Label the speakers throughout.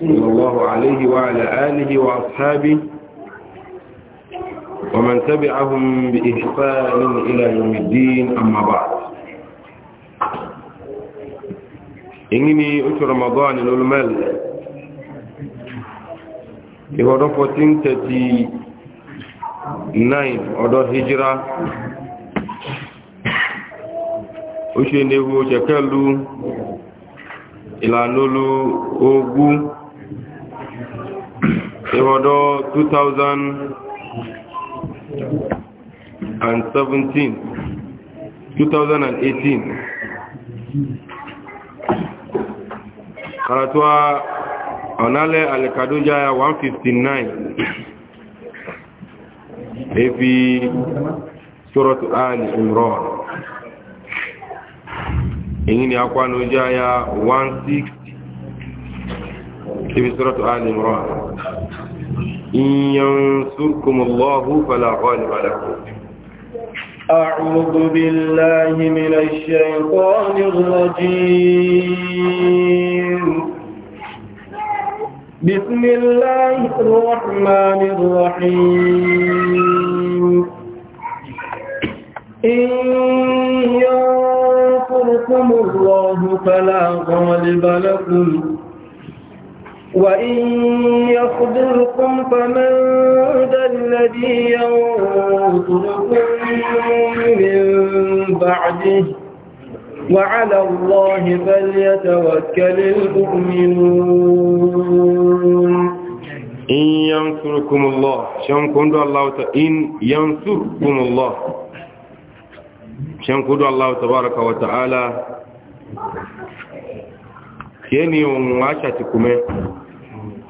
Speaker 1: صلى الله عليه وعلى آله وأصحابه ومن تبعهم بإحسان إلى يوم الدين أما بعد إنني أتو رمضان الألمال إيه رفوة تتي ناين أدو هجرة أشي نهو شكالو إلى نولو أوغو ìwọ̀dọ́ 2017 2018 karatuwa ọ̀nálẹ̀ alìkàdójá 159 efi sọ́rọ̀tù ali ìmọ̀ èyí ni akwánójá ya 16 efi sọ́rọ̀tù ali ìmọ̀ إن ينصركم الله فلا غالب لكم
Speaker 2: أعوذ بالله من الشيطان الرجيم بسم الله الرحمن الرحيم إن ينصركم الله فلا غالب لكم وإن يخبركم فمن ذا الذي ينصركم من بعده وعلى الله فليتوكل المؤمنون
Speaker 1: إن ينصركم الله شنكم الله إن ينصركم الله شنكم الله تبارك وتعالى كيني ومعاشة كمين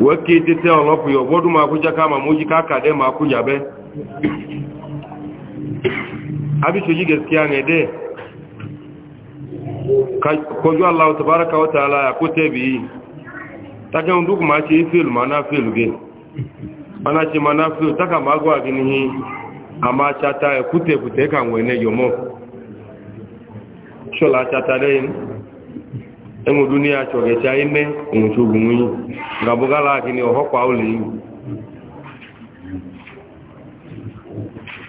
Speaker 1: wee ka ọlọpụ ya ọgbọdụ m akwụja ka ma m ka aka dị ma akwụja be abisoji gaskiya ne dai kojú aláwọ̀ tàbárakà wata aláyà kó tẹ́bì yìí takẹ́hùn dúkù máa ṣe fèlù máa náà fèlù gẹ́ mana ṣe máa náà fèlù takà máa gbọ́ àgbì níhí a máa ṣata ẹ̀kútẹ̀kútẹ̀ kàwọn ẹ̀nẹ́ yọmọ́ ṣọ́lá ṣata lẹ́yìn enwe dunia chogecha ime onwuchi ogwunwunyi ga-abụgala akini ọhọkwa ụlọ iwu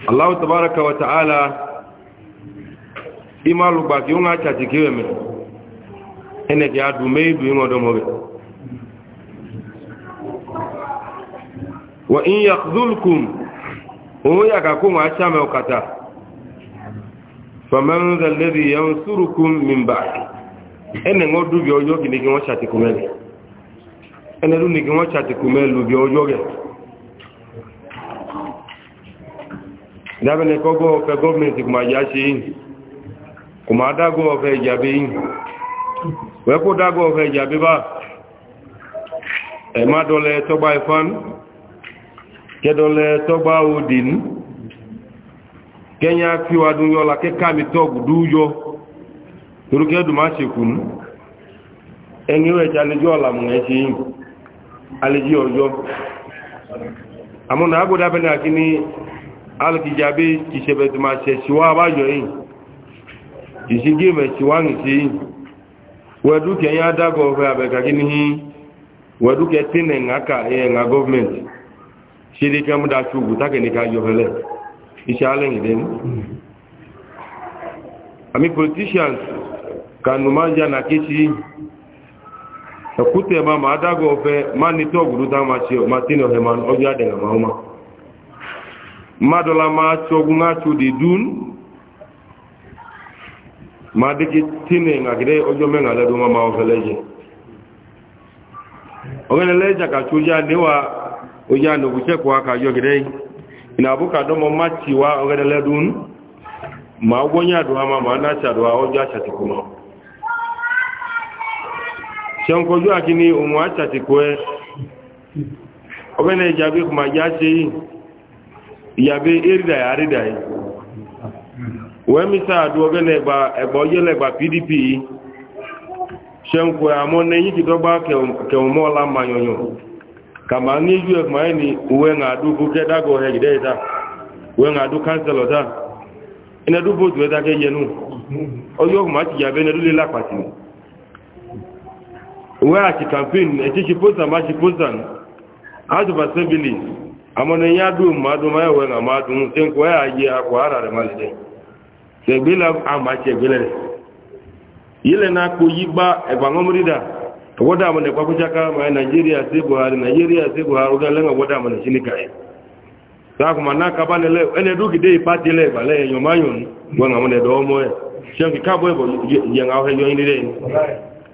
Speaker 1: allahu tabaraka wa ta'ala ime alụgba ka onwe achachi ka iweme ene ka ya du mee ibu inwe ọdọmọbe wa in yakzulkum onwe ya ka kụnwe acha me ụkata faman zalladhi yansurukum min ba'di ene ngo du bi ojo ki ni ngo chati kumele ene du ni ngo chati kumelu bi ojo ge dabe ne kogo pe government kuma ya shi kuma dago ofe jabi we ko dago ofe jabi ba e ma dole to ifan ke dole to odin kenya fi wadun yola ke kami to gudujo turuke duma ce kun eni we ja le jola mun e ji ale ji ojo amuna abu da bana kini al kijabi ki se be duma se siwa ba jo yi ji si ji me siwa ni ji we du ke ya da go fe abe ka kini hi we du ke tine ngaka e nga government shiri kam da su bu ta ke ni ka yo hele ishalen ni ami politicians kanumanja na kichi ekute mama adago ofe mani to guruta macho matino heman oja de na mama madola ma chogunga chudi dun madiki tine ngagire ojo menga le do mama ofeleje ogene leja ka chuja niwa oja no guche kwa ka yo gire ina buka do mo machi wa ogene le dun ma ogonya do mama ma na cha do ojo acha tikuma ṣẹ́nkọjú àkíní ohun àtàtìkò ẹ ọgbẹ́nà ìjàbí kùmà já ṣe ìyàbí èrìdà àrídà ẹ̀ wẹ́mísà àdú ọgbẹ́nà ẹgbà ọjọ́lẹ̀gbà pdp ṣẹ́nkọ àmọ́ nẹ́yìn kìdọ́gbà kẹwọ́mọ́lá mayọ̀yọ̀ kàmà ní ìjú ẹkùnmá ẹ̀ ni uwe ń àdú búkẹ́ dágọ̀ ẹ̀ uwe ń àdú kánsẹ̀lọ̀ ta ẹnẹ́dú bóòtù ẹ̀ta kẹ́ yẹnu ọjọ́ kùmà ti yàbẹ́ ẹnẹ́dú lé where she campaign e ti she post am she post am out of assembly amona ya du ma du ma we na ma du sen ko ya ye ko ara re mali de se bila ama che bila re ile na ko yiba e ba ngomri da woda mo ne Nigeria se Nigeria se Buhari ga lenga woda mo na ka ba ne le ene du ki de party le bo e bo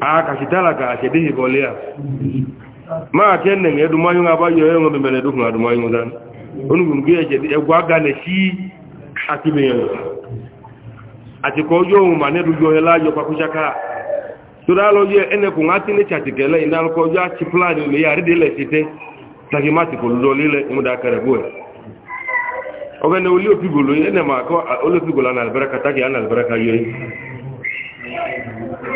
Speaker 1: a akedighi bọlị ya ma ke nne ga edumanyu ga agba yoyo nwe bemere dukwu na adumanyu ga onugbu gị egwu aga na esi akibeghị àti kọ yóò hùn mà nẹ́rù yọ ẹlá yọ pàkúṣáká tó dá lọ yẹ ẹnẹkùn á tí ní ṣàtìkẹ́lẹ̀ ìdánkọ yá ti pláàdì olè yà rídìí lẹ̀ ṣetẹ́ tàbí má ti kò lọ lílẹ̀ ìmúdá kẹrẹ̀bú ẹ̀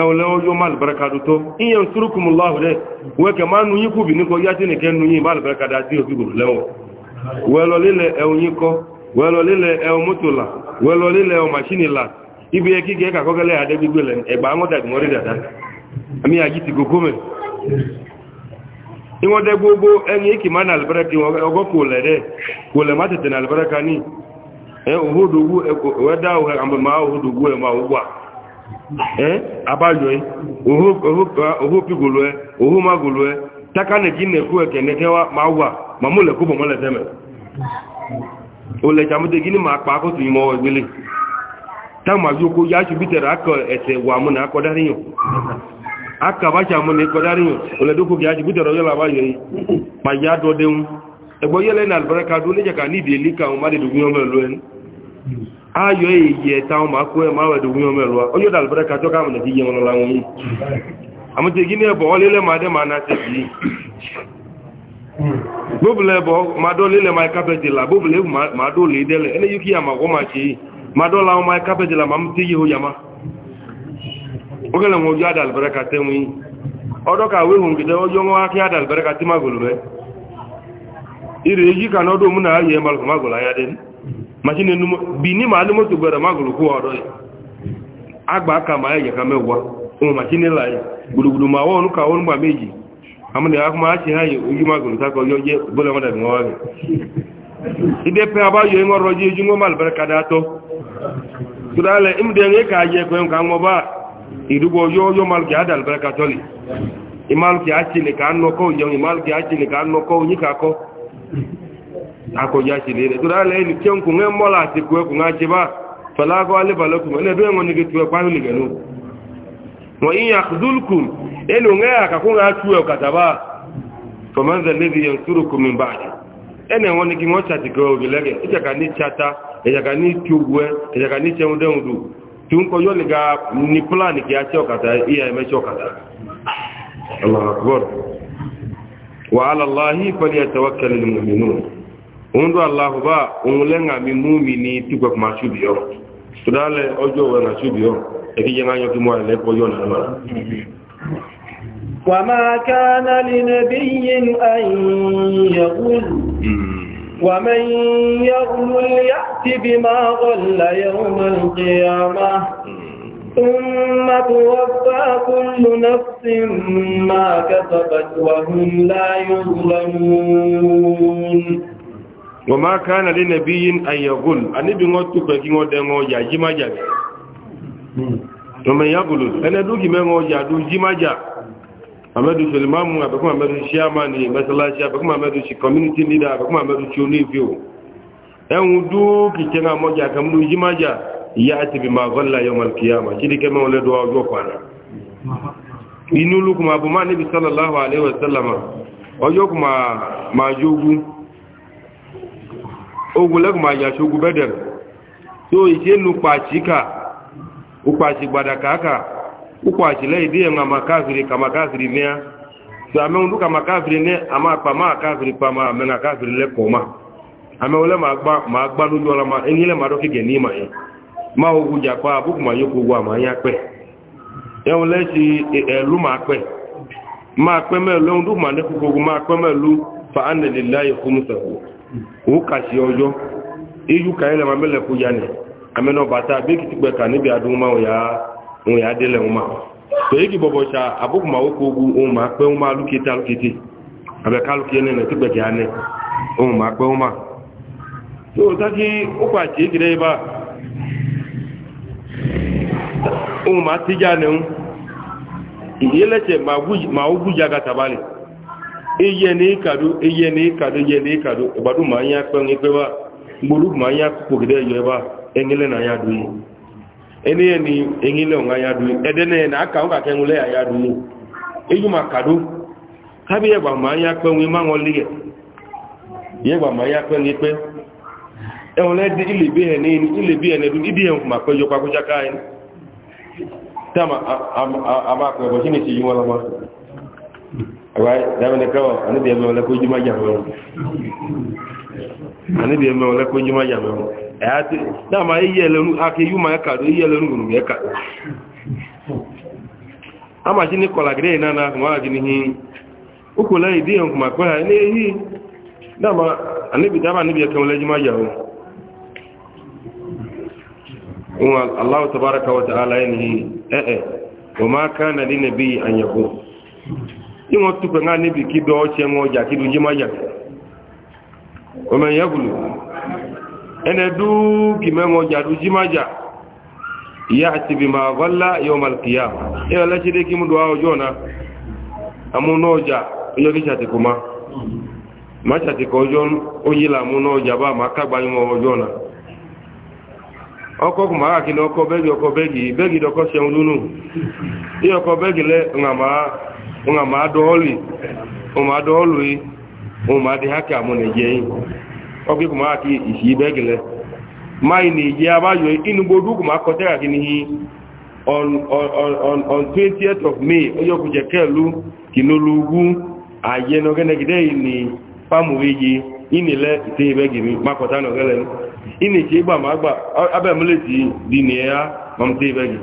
Speaker 1: ẹ̀wọ̀lẹ́ ọjọ́ málùbárakadù tó ìyẹn túrùkùnmù láàrù rẹ̀ wẹ́kẹ̀ máa nù yí kùbì níkọ yájí nìkẹ́ nù yí málùbárakadà tí òbí gbòrò lẹ́wọ̀n wẹ́lọlílẹ̀ ẹ̀wọ̀n yí kọ́ wẹ́lọlílẹ̀ ẹ̀wọ̀n mọ́tòlà wẹ́lọlílẹ̀ ẹ̀wọ̀n ibi ẹ kíkẹ́ kàkọ́kẹ́lẹ́ àdẹ́gbẹ́gbẹ́ lẹ́ ẹgbà àwọn dàgbọ́rí dàdá àmì àyí ti gògó mẹ́ ìwọ́n dẹ gbogbo ẹni èkì máa nàlùbáraka ọgọ́ kò lẹ̀ dẹ́ kò lẹ̀ má tètè nàlùbáraka ní ẹ òhòdògbò ẹ̀dá àmàmà òhòdògbò ee abayoe ohopigoloe ohomagoloe taka na ji na-ekwu ekene kewa ma wa ma mụ lekwu bụ mleteme olechamte gịnị ma akpa akụtụ ime ọwa egbele ta ma gị okwu ya chubitere aka ete gwa mụ na akọdarị yo aka bacha mụ na ịkọdarị yo oledokwu gị achubitere onye labayoe ma ya dọdenwu egbe onye le na albaraka do ne jaka n'ibi eli ka mmadụ dugwu ihe omelue a èyí ẹ̀ta ọmọ akó ẹ̀ máa wẹ̀dẹ̀ wúyọ́ mẹ́rọ ọjọ́ ìdàlùbẹ́rẹ́ kájọ́ káàmù nà ti yẹ wọn láwọn yìí àmúti èyí ní ẹ̀bọ̀ máa dẹ́ máa náà tẹ̀sí yìí gbóbulẹ̀ ẹ̀bọ̀ máa dọ́lẹ́lẹ́ máa kápẹ́tì là gbóbulẹ̀ máa dọ́lẹ́ dẹ́lẹ̀ ẹni yìí kí ma kọ́ máa ṣe máa máa là máa wọn wọn yìí wọn machine bi n'i ma alumoto gwara magulu ku oro agba aka ma ya ka mewa o machine la gburugburu ma wonu ka wonu ma meji amune ak ma chi ha yi ugi magulu ma da ngowa ni ide pe aba yo ji ju ngomal barka da to tudale imde ne ka je ko en ka mo ba idugo yo yo mal ga dal barka to ni imal ki achi ni ka no ko yo imal ki achi ni ka no ko ni ka akɔdza tsi le ɖe to ɖa lɛ ɛni tse ŋku ŋɛ mɔ la ati koe ko ŋa tse ba fɛlɛ akɔ alɛ ba lɛ kuma ɛnɛ do ɛŋɔ nege tu ɛkpa nege no mɔ iya dulkum ɛni ŋɛ akako ŋa tu ɛ kata ba fɔmɛnzɛ lɛbi yɛn turu kumi ba yi ɛnɛ ŋɔ nege ŋɔ tsati koe o lɛ kɛ ɛdza ni tsata ɛdza ni tso wɛ ni tse ŋu dɛŋu tu ŋkɔ yɔ lega ni plan ke atsɛ ɔkata iya ɛmɛ tsɛ ɔkata wa ala allahi fali ondu Allah ba ongulenga mi mumini tukwa kuma chubiyo tudale ojo wana chubiyo ekijanga nyoki mwa le ko yona mara
Speaker 2: وما كان لنبي أن يغل ومن يغل يأت بما
Speaker 1: wọ́n máa na nà lé nàbí yín àyẹ̀gùn na wọ́n tó pẹ̀kí wọ́n dẹ̀ wọ́n yà jí májà rẹ̀ ọmọ ìyàgùlù ẹnẹ́dúkì mẹ́wọ́n yà dún jí májà amẹ́dù sọlìmáàmù n'i ma chairman mẹ́sàlásí àbẹ̀kún amẹ́dù sí community leader àbẹ̀kún amẹ́dù sí oníbi o ẹ̀hún dúkì tẹ́ náà mọ́jà kàmúlù jí ma atibi àti bí máa gọ́lá yọmọ kìyàmà jíríkẹ́ mẹ́wọ́n lẹ́dọ̀ ọjọ́ kwana inú lukùn àbùmá níbi sálàláhù àlẹ́wẹ̀ sálàmà ọjọ́ kùn ogun lẹ́kùnmọ̀ àyàṣe ogun bẹ́dẹ̀rẹ̀ tó ìṣe nu pàṣíkà upàṣì gbàdàkàkà upàṣì lẹ́yìn díẹ̀ ń àmà káfìrí kàmà káfìrí níà tó àmẹ́hùn tó kàmà káfìrí ní àmà pàmà káfìrí pàmà àmẹ́nà káfìrí lẹ́kọ̀ọ́ mà àmẹ́hùn lẹ́ màá gbá lójú ọ̀la mà ẹni lẹ́ màá dọ́kì gẹ̀ ní ìmà yẹn má ogun jàpá àbúkù mà fa ánẹ̀lélá yẹ fún o kasi ọjọ iju ka ilẹ̀ ma mẹ́lẹ̀ ya ni amẹ́nà bàtà bẹ́ẹ̀kì ti gbẹ̀ka níbi àdúgbò máa wòyà wòyà délẹ̀ wọn máa tòyí ma T'o o tá kí ó pa àti ìkìlẹ̀ yìí bá ohun máa ma nẹ̀ ń ìyẹ́lẹ̀tẹ̀ máa iye na ịkado iye na ịkado iye na ịkado gbado ma anya akpọnwụ ikpe gburu ma anya kpụgide yo ebe a enyele na ya duyi enye na enyele onwe anya duyi edene na aka ụka ka enwele ya anya duyi eyu ma kado ha bụ ma anya ma anya ikpe enwele dị ilebi ihe na ilebi ihe na edu ibi ihe ma kwa kụchaka anyị tama amakpọ ebe yi awa damene kawo ani bi emewo la ojúmọ jàmẹ o ani bi emewo lẹkọ ojúmọ jàmẹ o ẹ dama ake yuma ẹka do eyi ẹlẹnu gbọnugbọ ẹka ama si ni kọlagide na nana kuma ake ni hin ukwu lẹyìn di yẹn kuma kọla ẹni eyi dama ani bi dama ani bi ẹkẹwọn lẹjúmọ jàmẹ o wọn alahu tabaraka wa ta'ala ẹni ma na ni an ni wọn tukọ ŋa níbi kí bẹ ọtsẹ ŋọ ọjà kí dùn jẹmọ ọjà ọmọ yẹn bulu ẹnẹ dú kìmẹ ŋọ ọjà dùn jẹmọ ọjà ìyá àti bìmọ àgọlá yọọ malkiya ẹ ọlẹsẹ dẹ kí mu dùn ọjọ náà àmú náà ọjà ọjọ kí sàtìkù ma má sàtìkù ọjọ oyè là mú ọjà bá má kágbá yín ọjọ náà ọkọ kùmà kàkiri ọkọ bẹẹgì ọkọ bẹẹgì bẹẹgì dọkọ sẹun lónù bí ọkọ bẹẹgì lẹ ńàmà. nga ma do holi o ma do holi mụ ma de haki amu ne je yin o bi ko ma ki isi begele mai ni je abayo inu bodu ko ma ko te ki ni on on on 20th of may o yo ku je kelu kinolugu aye no gene gide ni pamu wiji ini le te begimi ma ko ta no gele ini je ma agba abe mu le ya ọmọdé bẹ́gì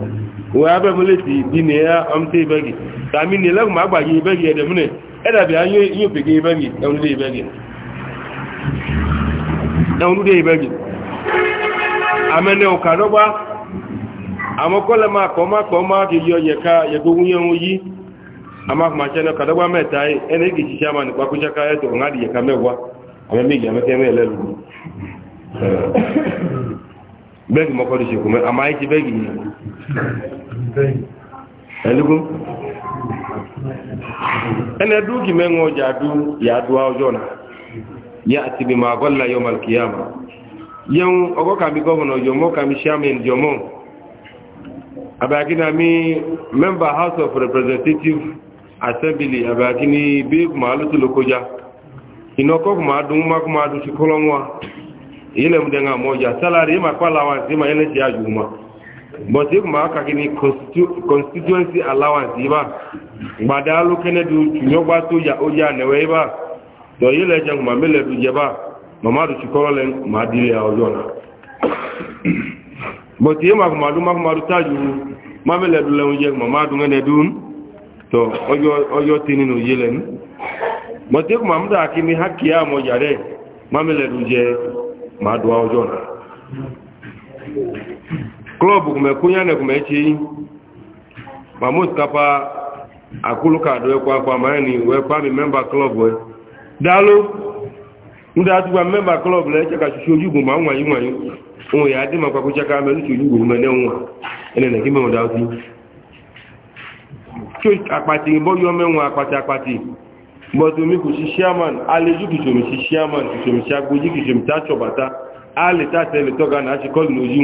Speaker 1: òwe abẹ́mọ́lẹ́sì dínì ẹ́ ọmọdé bẹ́gì tàmí ní ẹlẹ́gùn máa gbàgbé bẹ́gì ẹ̀dẹ̀múnẹ̀ ẹ̀dàbí ayé òpèké bẹ́gì ẹ̀wọ̀núdé bẹ́gì
Speaker 3: amẹ́nẹ́ ọ̀kàdọ́gbá
Speaker 1: àmọ́kọ́lẹ̀ máa kọ́ máa kọ́ máa kì yọ yẹ̀ka yẹ̀gbógún yẹn yí amákùnmáṣẹ́ náà kàdọ́gbá mẹ́ta ẹni kì í ṣiṣẹ́ máa nípa kúṣẹ́ká ẹ̀tọ̀ ọ̀hún àdìyẹ̀ká bẹ́ẹ̀kì mọ́kọ́dù ṣe kùnmẹ́ àmà ìtì bẹ́ẹ̀kì yìí ẹ̀lúgún ẹnẹ dúkì mẹ́wọ́n ọjà dú yàdúwà ọjọ́ náà yá àti bí máa bọ́lá yọ malkiyama yẹun ọgọ́ kàmí jọmọ́ kàmí chairman jọmọ́ abẹ́akínami member house of representative assembly abẹ́akíní bí kùmà lótìlókójá ìnàkọ́ kùmà dùn mọ́ kùmà dùn ile mdenga moja salary ima kwa allowance ima ile ya juma but if ma ka kini constituency allowance iba badalu kene du nyogba to ya oja newe iba to ile jang ma mele du jeba mama du chikole ma dile ya ojona but ima ma du ma ma du taju ma mele du le oje mama du ngene dun to ojo ojo tininu yelen but if ma mda akimi hakia moja re ma máa dùn na klọbụ klọb kùmẹ̀kúnyá nẹ̀ ma ma kapa akúlùkàdó ẹkọ́ akpa máa ní wẹ́ pàmì mẹ́mbà klọb ẹ dalụ ndé atúgbà mẹ́mbà klọb lẹ́ ẹ̀chẹ́ ka ṣoṣo ojúgbò ma nwanyị nwanyị wáyé òun yà á dé màkpàkú chaka mẹ́lú ṣe ojúgbò mẹ́lẹ́ ń wà ẹnẹ̀ nẹ̀ akpati akpati mọ̀tòmí kò sí chairman alẹ́jú kìsòmì sí chairman kìsòmì sí agbójí kìsòmì tá ṣọ̀bàtá alẹ́ tàtẹ́ lè tọ́ga náà ti kọ́lù lójú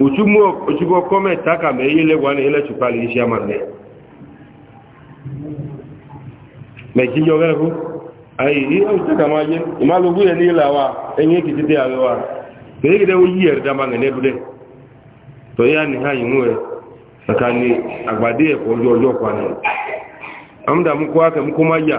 Speaker 1: wọn òtúgbọ́ kọ́mẹ̀ tákà mẹ́yẹ lẹ́wà ní ilẹ̀ ṣùpá lè rẹ̀ fún ayé wa ẹ̀yìn èkìtì dé àwẹ̀ wa kèrè kìdẹ́ ó yí ẹ̀rẹ̀ dá máa ngẹ̀nẹ́ bílẹ̀ tọ́yá ní ha yìí mú ẹ̀ kàkà ní àgbàdé kó wá mú kó má yà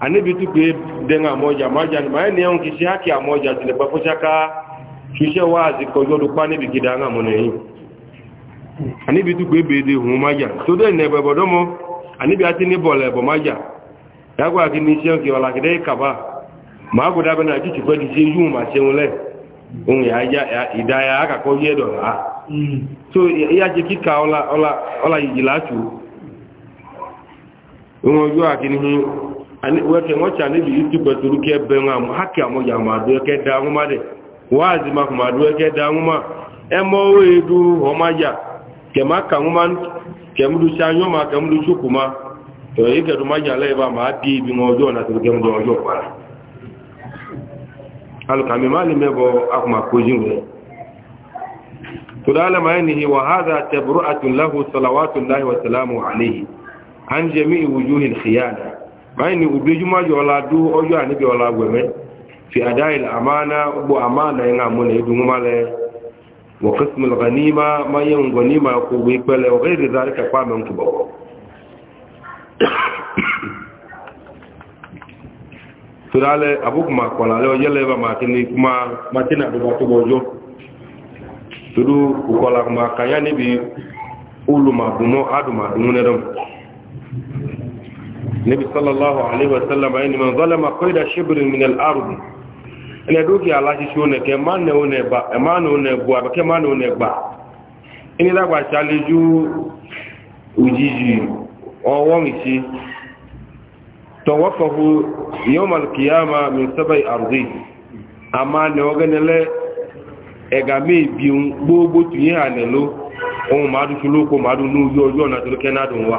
Speaker 1: anabi pe denga moja moja ni maana yangu kishi haki ya moja zilipofusha ka shushe wazi kojo Anibi bikidanga mone hii anabi tukpe bede humaja tude ne bodomo anibi ati ni bole bomaja yagwa akini shio ki a kide kaba magu dabe na kichi kwa kichi yuma chenule unge aja idaya aka kojo do ha mm. so ya jikika ola ola ola yilachu ungo jua akini hii weke nwecha na ebi iti kwetụrụ ka ebe nwa ha ka amụ ya ma dụ eke dị anwụma dị waazi maka ma ibi nwa ọjọọ na tụrụ kemdu ọjọọ kwara alukami ma lime bụ akwụmakoji nwere tudala ma yanihi wa hadha tabru'atun lahu salawatullahi wa salamu alayhi an jami'i báyìí ni ògbéjúmọ́ yọ ọlá dú ọjọ́ àníbi ọlá wẹ̀mẹ́ fi àdáyìl yẹn ní ma ma yẹ ń gọ̀ ní ma kó wé pẹ́lẹ̀ ọ̀kẹ́ ìdè dárí kẹfà mẹ́ ń kú bọ̀. tòdálẹ̀ àbúkùmà kọ̀lálẹ̀ ọjọ́ lẹ́bà máa ti ní kuma máa ti ma àdúgbò tó bọ̀ ọjọ́ tòdú kòkọ̀lá kùmà kàyà níbi nabi sallallahu alaihi wasallam ayni man zalama qayda shibrin min al-ard ina duki ala shi shone ke manne one ba e manne one gwa ke manne one gba ini da gba chaleju ujiji owon ichi tawaffahu yawm al-qiyamah min sabai ardi ama ne ogenele egame biun gbogbo tuye anelo ohun madu shuluko madu nu yo yo na tulu wa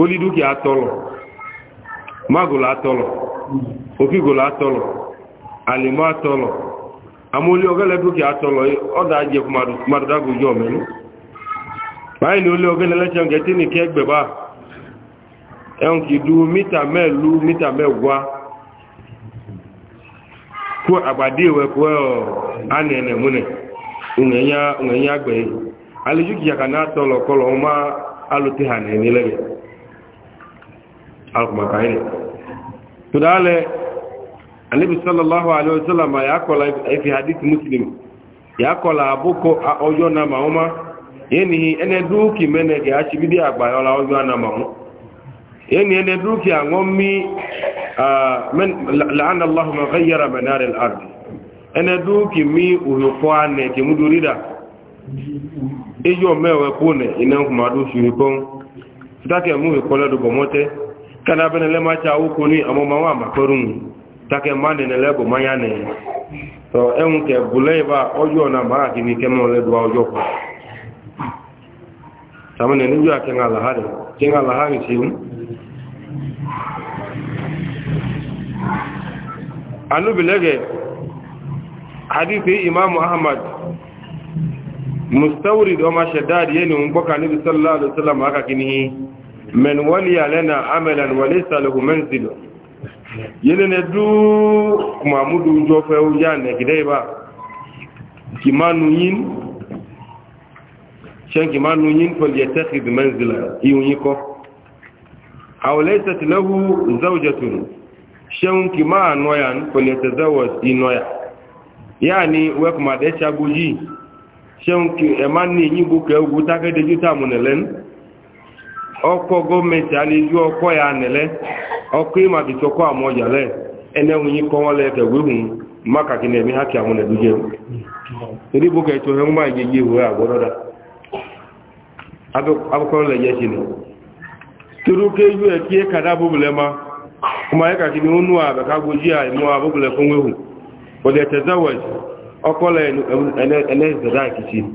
Speaker 1: oli dúkìá tọ́lọ̀ magolo atọ́lọ̀ òfigolo atọ́lọ̀ àlèmọ́ atọ́lọ̀ àmúlé ọgẹ́lẹ̀ dúkìá tọ́lọ̀ ọ́dá jẹ kumadodagojo mẹ́nu báyìí ni olé ọgẹ́lẹ̀ lẹ́sẹ̀ gẹ̀ẹ́tì ní kẹgbẹ̀bá nke kì í du mítà mẹ́ẹ̀lú mítà mẹ́wàá kó àgbàdì ìwẹ̀ kó ẹ̀ ọ́ ánẹ̀ẹ̀nẹ̀ múnẹ̀ ǹyẹ̀nyá àgbẹ̀ yìí alẹ́ dúkìá kaná tọ́lọ̀ alùpùpàkà yìí tó dáálẹ̀ anibi sallallahu alayhi wa sallam ya kọ́la efi hadith muslim ya kọ́la abúkọ ọjọ́ na ma ọma yẹni ẹnẹ dúkì mẹ́nẹ kì á ṣe bíbí àgbàyọ́la ọjọ́ na ma ọma yẹni ẹnẹ dúkì àwọn mí la'ana allahu ma ghayyara manar al-ard ẹnẹ dúkì mí òhùkọ́ anẹ kìmúdúrí dà ejo mẹ́wẹ̀ẹ́ kó nẹ̀ iná kùmàdó ṣùgbọ́n sítákẹ̀ mú kana bene le macha uku ni amo mama makorun take mande ne lebo manyane to enke buleba ojo na mara kimi kemo le dwa ojo ko tamane ni ya kenga la hare kenga la hare sim anu bilege hadithi imam ahmad mustawrid wa mashaddad yani umboka nabi sallallahu alaihi wasallam akakinihi من ولي لنا عملا وليس له منزل يلنا دو محمود جوفه وجان كديبا كمانو ين شان كمانو ين فليتخذ منزلا يونيكو او ليست له زوجة شان كما نويان فليتزوج ينويا يعني وكما دشا بوجي شان كماني يبو كوغو تاكدجو تامنلن ọkọ gọọmenti a na ọkọ ya n'ele ọkọ ịma bichọkọ amọjale enenwunye kọwale kegwehun maka gị na-eme ha ka amụ na-eduje ndị bụ ka eto ihe mgba ihe yi ihu chi na ka eki ma kuma ya ka gị na onu a gboji a abụbụle hụ. ọdị ọkọ ene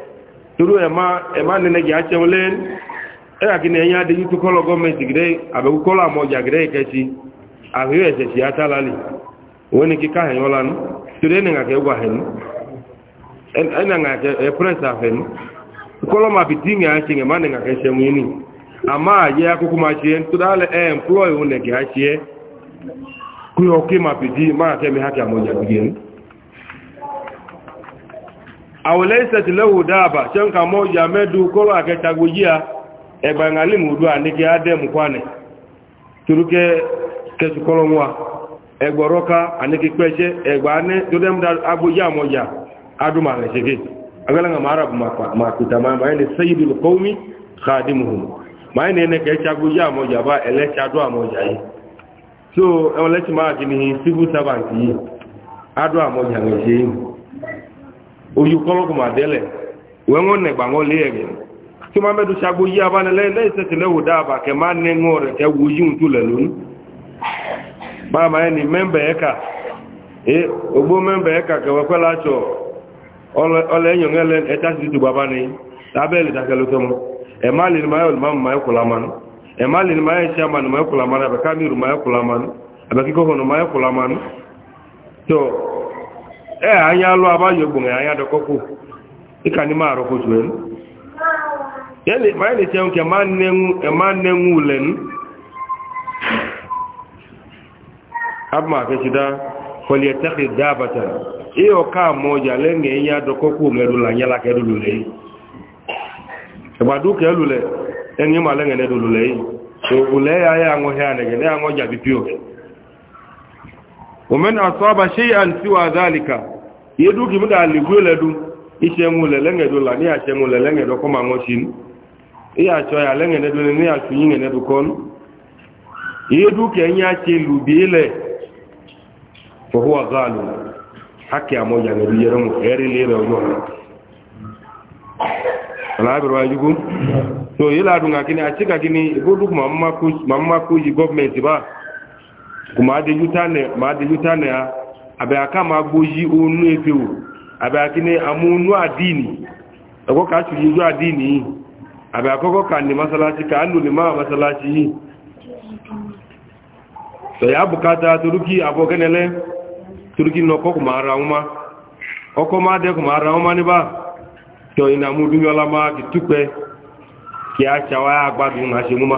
Speaker 1: toro ẹ̀má nẹ́nẹ́gì àṣẹwọlẹ́ ẹ̀yàkí ni ẹ̀yà adé yútú kọ́lọ̀ gọ́ọ̀mẹ́ntì gẹ́rẹ́ àbẹ̀kú kọ́lọ̀ àmọ́jà gẹ́rẹ́ ìkẹ́sí àríwẹ̀ ẹ̀sẹ̀ sí atálálì wọ́n ni kíká ẹ̀yọ́ lánú toro ẹ̀nàkẹ́ wà ẹ̀nu ẹ̀nàkẹ́ ẹ̀pẹ́rẹ́sì àfẹ́nu kọ́lọ̀ máa ama tí ìyànṣe ẹ̀má nẹ́nàkẹ́ ṣẹ̀mú yìí àmá àyẹ́ akókó máa ṣe tó dálẹ̀ ẹ̀ ẹ̀mplọ́ì òun nẹ̀gẹ̀ àṣẹ kúyọ̀ kí máa bì tí máa kẹ́mi hákẹ́ àmọ́jà gẹ́gẹ́ àwòlẹ́sẹ̀ ti lẹ́wò dáàbà tí ó ń ka mọ́ ìyà mẹ́dù kọ́rọ̀ àkẹtagojá ẹgbà ìrìnàlìmòdó àníkẹ́ adẹ́mù kwanẹ̀ torúkẹ́ kẹsùkọ́rọ̀ wa ẹgbọ̀rọ́ká àníkẹ́ pẹ́ṣẹ́ ẹgbà ní tó dẹ́mdà agbójá àmọ́jà adúmà rẹ̀ ṣege agbẹ́lẹ́gbà márùn-ún màkùtà máa ní sẹ́yìdìlù kọ́wọ́mí kàdìmùhùn máa ní so ẹwọ́n lẹ́tì máa kì ní civil servant yìí oyi kɔlɔkɔ ma dɛlɛ wɛŋɔ nɛ gbaŋɔ lé ɛgɛ tí ma mɛ do sago yi aba nɛ lɛ lɛ sɛtɛ lɛ wò dá aba kɛ ma nɛ ŋɔ rɛ kɛ wo yi ŋutu lɛ lónu bàbá yɛ ni mɛmbɛ yɛ ka e ogbó mɛmbɛ yɛ ka kɛ wɔ kɔlá tsɔ ɔlɛ nyɔŋɛ lɛ ɛta si tu baba ni abɛ lɛ ta kɛlɛ tɔmɔ ɛma e lɛ ni ma yɛ ɔlùmá ma yɛ kɔlá ma yɛ sia ee anya alụ abanye ogbenye anya dọkọkwu dịka n'ime arụkwụchue ya na-eche nke ma nne nwe ule m abụmakechida politeknik dabata ihe ọka mụja lenge ihe adọkọkwu merụla anya laka erulule yi ịgbaduka elule enyi ma lenge na erulule yi ule ya ya anwụghị anịgị na ya anwụja oge. ومن أصاب شيئا سوى ذلك يدوك من الولد إشمو للنجد الله ني أشمو للنجد وكما موشين إيه أشوي لنجد ني أشوي نجد كون يدوك أن يأتي لبيلة فهو ظالم حكي أمو جانبي يرمو خير ليرة ونوحنا alábẹ̀rẹ̀ wájú gún so yíládùn àkíní àtíkàkíní ìgbódùkù mamma kú yí gọ́ọ̀mẹ̀ntì báà kò máa dejú tánẹ̀ máa dejú tánẹ̀ a àbẹ̀ àká máa gbóyí oónú efe o àbẹ̀ àkíní amóhunú àdínì ẹ̀kọ́ ká ṣù masalasi ká lò lè masalasi yìí sọ̀yà bukata torúkí abọ́gẹ́nẹlẹ́ torúkí nọ kọ́kù máa ra ọmọ ọkọ́ máa dẹ́kù máa ra ọmọ níbà tọ ìnàmú dúnyọ́lá máa kì túpẹ́ kí a ṣàwáyà agbádùn àṣemúmá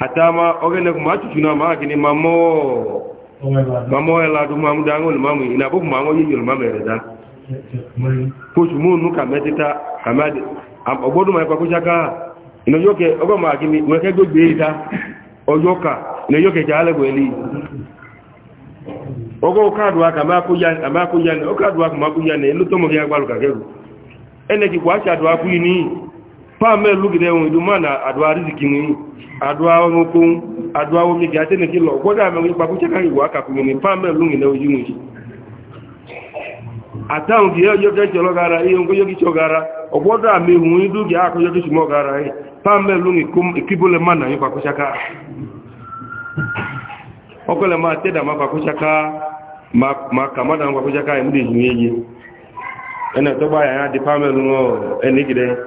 Speaker 1: hatama ogene kuma chuchuna maki ni mamo mamo ela du mamu dango ni mamu ina boku mango yi yul mamu ereda kuchu munu kametita kamadi am obodu mai pakucha ka ino yoke ogo maki ni weke gbe ita oyoka ino yoke jale gweli ogo kadwa kama kuya kama kuya ogo kadwa kama kuya ne lutomo ya gbaluka kegu ene ki kwa cha dwa kuini pàmẹ́ lókèdè ohun ma na àdúwà rízìkì ní àdúwà ọmọkún àdúwà omi gẹ̀ àtẹ́nìkì lọ gbọ́dá àmẹ́rin papọ̀ ṣẹ́kà ìwà kàkùnrin ní pàmẹ́ lókèdè ojú ní a kìí ọjọ́kẹ́ ṣọlọ́gara ihe nkóyọ́kí ṣọgara ọgbọ́dọ̀ àmẹ́hùn ìdúgẹ̀ àkóyọ́kí ṣùmọ́gara ẹ̀ pàmẹ́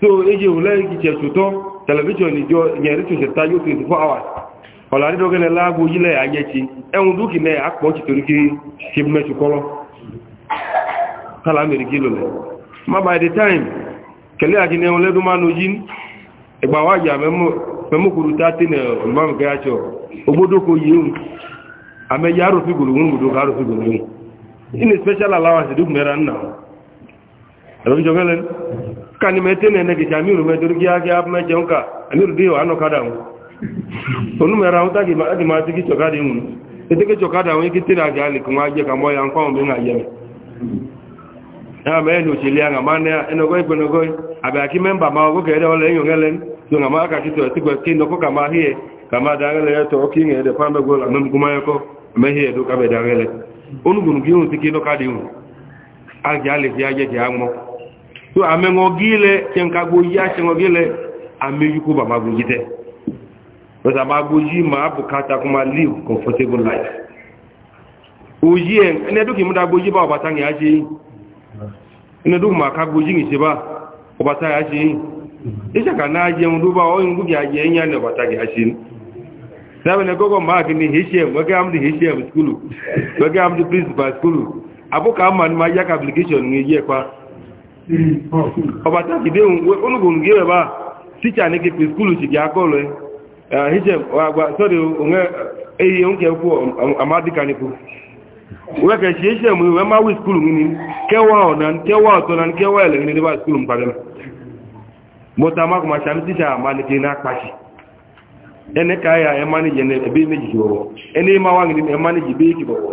Speaker 1: so eji wule kiche chuto television ijo nyere chuche ta yo 24 hours ola ri doge le lagu ile ayechi ehun duki ne apo chitori ki ki mechu kolo kala le ma by the time kele aji ne wole du manu jin egba wa ya kuru ta tin ma ga cho obodo ko yi un ame yaro fi guru un gudu fi guru in special allowance du mera na kani mete ne nege jamiru me durgi age ab me jonka amiru dio ano kada mu onu me ra uta gi ma di ma ti ki choka di mu ete ke choka da won ki tira ga ali kuma je ka mo ya nko mo nga ye ya me lu chili anga mane eno go ipo no go aba ki member ma go kere ole yo ngelen yo nga ma ka ki ti ko ki no ko kama hie kama da ngele to ki nge de pambe go la num kuma yoko me hie do ka be da ngele onu gun gi un ti ki no ka di mu age ali ti age ti amo so amengogile chenkagboya chengogile ameyuko ba magojite because amagoji ma bukata kuma live comfortable life oji en ene duki muda goji ba obata ngi aje ene duki ma ka goji ngi seba obata aje isha kana aje ndu ba oyin gugi aje enya ne obata gi aje sabe ne gogo ma kini hishem wage amdi hishem skulu wage amdi principal skulu abuka amani ma yaka application ngi je kwa ọbata gide onugun gị ebe a ticha na kekpe skulu chi gị aka ụlọ hiche agwa sori onwe eyi nke kwu amadikanikwu wee ka chi eche mgbe wee mawi skulu gị kewa na, nkewa ọtọ na nkewa ele gị n'ebe skulu mkpadịla mụta makụ ma cha m ticha amanike na akpachi ene ka ya emanije ebe imeji ji ọwọ ene ịmawa gị emanije ebe iki bọwọ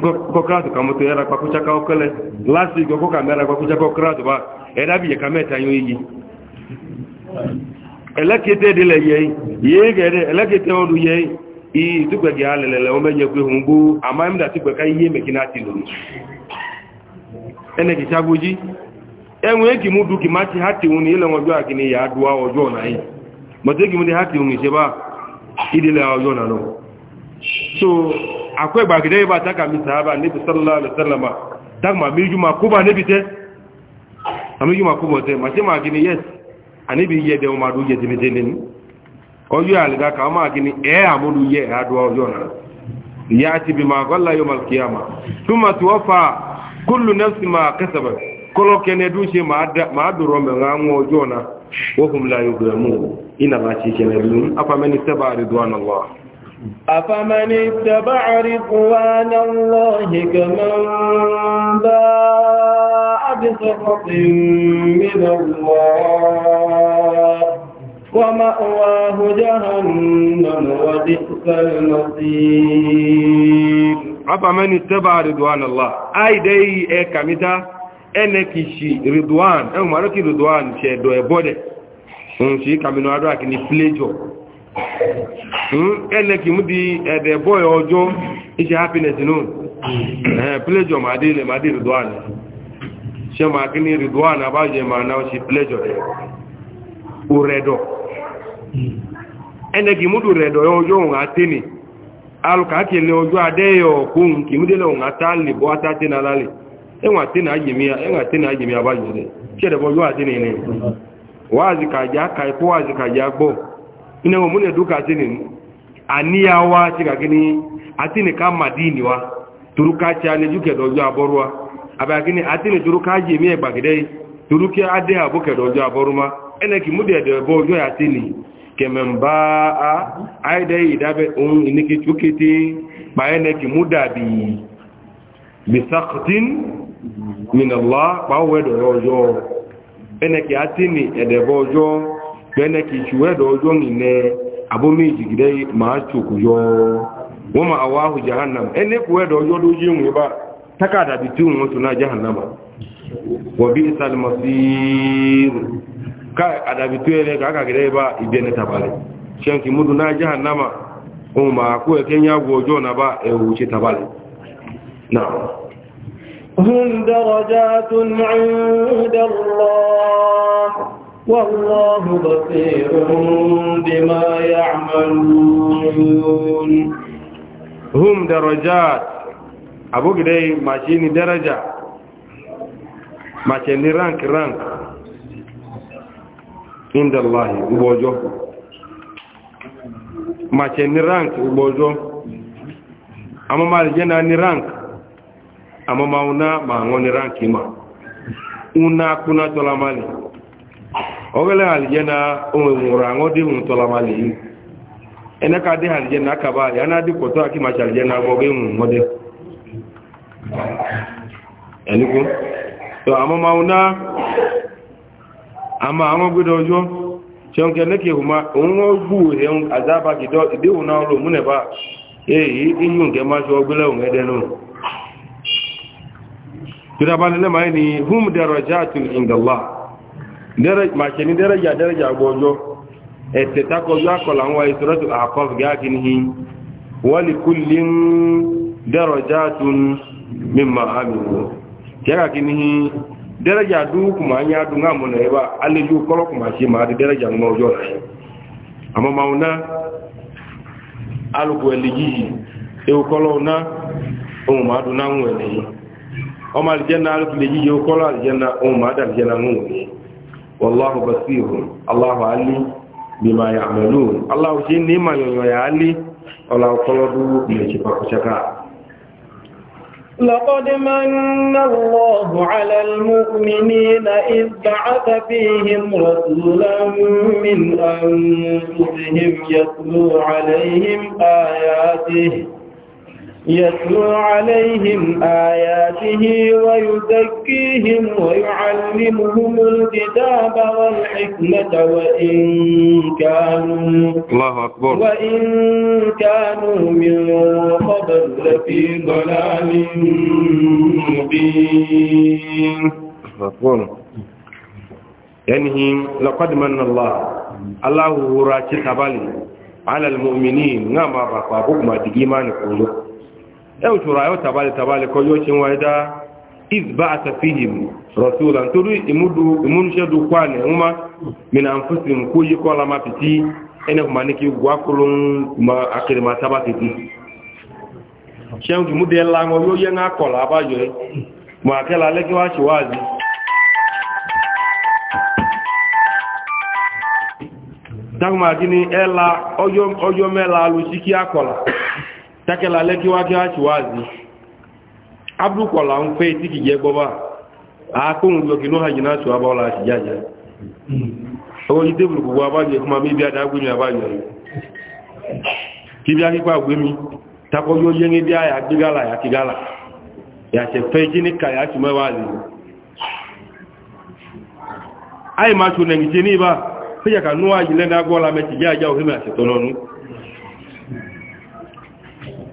Speaker 1: ko kratu kamo to yara kwakucha ka okele last week ko kamera kwakucha ko kratu ba era bi kameta yin yi elekete de le ye ye gere elekete onu ye i tukwe ge alelele o menye kwe humbu ama imda tukwe ka ye mekina ti lo ene ki chabuji enwe ki mudu ki mati hati uni ile ngojo akini ya duwa ojo na yi mo te ki hati uni se ba idile ojo na lo so akwai gbagide ba ta kami sahaba nabi sallallahu alaihi wasallama dagma mi juma kuba nabi te ami juma kuba te ma se ma gini yes anibi ye de o ma du je dimi deni o yu aliga ka ma gini e amudu ye ha do o yona yati bima qalla yawm alqiyama thumma tuwaffa kullu nafsin ma kasabat kolo kene du se ma da ma du rombe nganwo jona wa hum la yughlamun ina ma ci kene du afa man istaba ridwan allah
Speaker 2: أفمن اتبع رضوان الله كمن باء بسخط من الله
Speaker 1: ومأواه جهنم وبئس المصير أفمن اتبع رضوان الله أي دي إيه كميتا ẹnẹ́kìṣì rìdùwán ẹ̀hùn márùkì rìdùwán ṣẹ̀dọ̀ ẹ̀bọ́dẹ̀ òun ṣe kàmínú adọ́ àkíní pléjọ́ Hmm? ẹnẹ kì mú di ẹ̀dẹ̀ bọ́ẹ̀ ọjọ́ iṣẹ́ happiness nù hmm. pleasure máa dé ilẹ̀ máa dé ìrìdọ́ àná ṣe máa kí ní ìrìdọ́ àná bá yẹ máa náà ṣe pleasure rẹ̀ ó rẹ̀dọ̀ hmm. ẹnẹ kì mú dù rẹ̀dọ̀ ọjọ́ òun àtẹ́nì alùkàkìlẹ̀ ọjọ́ adẹ́yọ̀ kóhun kì mú délẹ̀ òun àtà lè bọ́ àtàtẹ́ náà lálẹ́ ẹwọ̀n àtẹ́nì àyèmí àbájọ́ rẹ̀ ṣẹ̀dẹ̀bọ̀ ọjọ́ àtẹ́nì ni wáàzìkàjá kàìkó wáàzìkàjá ina wa mune duka tinin aniyawa cika gini atini ka madini wa turuka ci ani juke dojo aborwa aba gini atini turuka ji mi egbagide turuke ade abuke dojo aboruma ene ki mude de bojo ya tini kememba a aide idabe un iniki chukiti ba ene ki mudabi bisaqtin min Allah ba wedo yojo ene ki atini edebo ojo tene ki chuwe do jongi ne abomi jigide ma chuku yo woma awahu jahannam ene kuwe do yo do jinwe ba takada bitu ngoto na jahannama wa bi sal masir ka adabitu ele ka ka gide ba ibene tabale shenki mudu na jahannama kuma kuwe kenya gwojo na ba e wuce tabale na'am
Speaker 2: هم درجات
Speaker 1: والله بصير بما يعملون هم درجات أبوك دي ماشيني درجة ماشيني رانك رانك عند الله بوجو ماشيني رانك بوجو أما ما الجنة ني رانك أما ما هنا ما هنا رانك ما هنا كنا تلامالي ogele aljana onwere aṅụ dị hụ ntọlamali ihu ene ka dị aljana akaba ya na adị kwụtọ aki macha aljana bụ oge nwụ dị enikwu to amụmanwụ na ama aṅụ gbido ọjọọ chọ nke neke hụma onwe gbu ihe azaba gido ịdịhụ na ọrụ mụneba eyi ihu nke mmasị ogbele onwe denu tụdabalị na ma ni hum darajatul indallah màṣẹ ní dẹ́rẹ́jà dẹ́rẹ́jà gbọ́jọ́ ẹ̀tẹ̀ takọjọ́ akọ̀là wọn ìṣòrọ́tù àkọ́f gáàkiri hi wọ́n lè wali lè ń dẹ́rọ̀já tún mímọ̀ àmìwò kẹ́kàkiri hi dẹ́rẹ́jà dúkù máa ń yá dùn àmọ́ náà ẹ̀wà alẹ́jú kọ́lọ́kù máa ṣe máa di dẹ́rẹ́jà ń ọjọ́ na, ma والله بصير الله علي بما يعملون الله شيء نيما يونيو يالي الله قلدو بيشفا كشكا
Speaker 2: لقد من الله على المؤمنين إذ بعث فيهم رسولا من أنفسهم يتلو عليهم آياته يتلو عليهم آياته ويزكيهم ويعلمهم الكتاب والحكمة وإن كانوا الله أكبر وإن
Speaker 1: كانوا
Speaker 2: من قبل لفي ضلال
Speaker 1: مبين أكبر ينهي لقد من الله الله راجل على المؤمنين نعم أبقى بكما تجيمان كله e tó ra tabali tàbálẹ̀ tàbálẹ̀ kọ́ yóò ṣe wọ́n ẹ̀dá ìzbá àtàfihìm rọ̀túlà nítorí ìmúnúṣẹ́dù kọ́ àná ẹ̀hún ma mìíràn fúnṣin kó yí kọ́ la máa fìtí ẹni ma sábà fìtí. tó múdẹ́ yóò takela lẹ kí wá kí wá ṣíwáàzí abúrúkọ̀lá ń fẹ́ tí kì jẹ́ gbọ́bá àákóhùn lọ kí ló hajjì náà ṣíwá báwọ́lá ṣì jájá ọwọ́ yí tébùlù gbogbo abájọ fún mi bí adágúnmi abájọ rẹ̀ kí bí akípa gbémi takọjú ó yẹ́ngé bí àyà gbígálà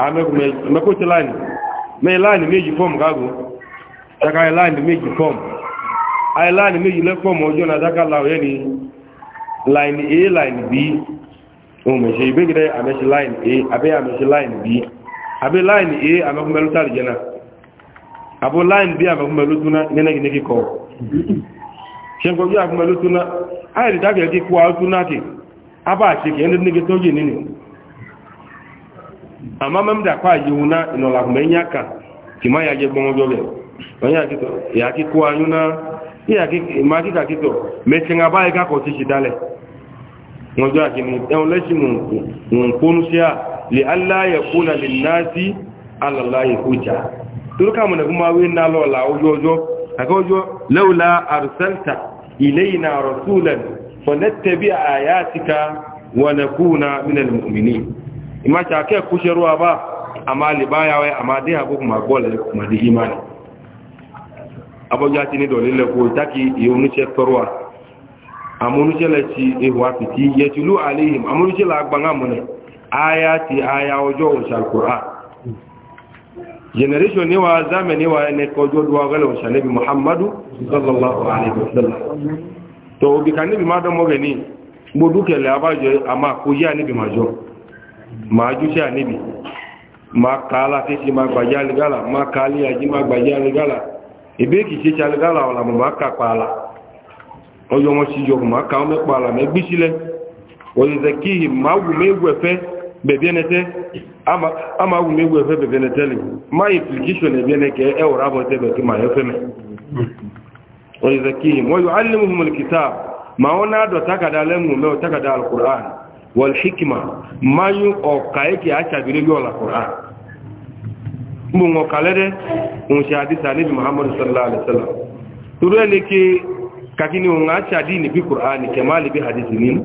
Speaker 1: amẹ́kọ̀ọ́ láìní mẹ́ láìní méjì fọ́ọ̀mù kágo ṣaka láìní méjì fọ́ọ̀mù ayé láìní méjì lẹ́fọ́ọ̀mù ọjọ́ náà ṣaka láwẹ́ ni láìní a láìní b ohun mẹ́ṣe ìgbégidẹ́ àmẹ́ṣe láìní a abẹ́ àmẹ́ṣe láìní b abẹ́ láìní a amẹ́kọ̀ọ́mẹ́lú tàrí jẹ́nà àbó láìní b amẹ́kọ̀ọ́mẹ́lú túná nínẹ́gínẹ́gí kọ́ ṣẹ́ńkọ́ bí amẹ́kọ̀ọ́mẹ́lú túná ayé amma mam da kwa yiwuna ino la kuma ka kima ya je bon jobe onya kito ya ki kwa yuna ya ki ma ki ka kito me tinga bai ka ko tishi dale ngojo akini en leshi mun mun kunsiya li alla yakuna lin nasi ala allahi hujja turka mun kuma we na lo la ojojo aka laula arsalta ilaina rasulan imacha ake kusheruwa ba amma libaya wai amma dai hagu kuma gole kuma di imani abuja ti ni dole le ko taki yonu che torwa amunu che le ti ehwa fiti yetulu alaihim amunu che la agbanga mune ayati aya ojo osal qur'an generation ni wa zamani wa ne ko jo duwa muhammadu sallallahu alaihi wasallam to bi kan ni bi ma do mo gani ni bi majo ma a àníbì máa ka aláfíṣe ma gbàjá aligala ma ka alíyàjí ma gbàjá aligala ìbéèkì ṣe ṣe aligala ọ̀la mọ̀ máa kàpa ṣe yọ máa ka ọmọpàá àlà mẹ́gbí sílẹ̀ a máa wù méwù ẹ̀fẹ́ bẹ̀bẹ̀ẹ́nẹtẹ́ lè máa ọ ẹ̀bẹ̀ẹ́nẹkẹ́ ẹ̀wọ̀rá bọ̀ tẹ́bẹ̀ kí máa yọ mẹ́ ọ̀yẹ̀sẹ̀ kí wọ́n wal hikima mayu ọka eke achabiri bi ọla qur'an mbu ngo kalede un shi hadisa ni bi muhammad sallallahu alaihi wasallam turu ne ke kakini un acha dini bi qur'an ke mali bi hadisi ni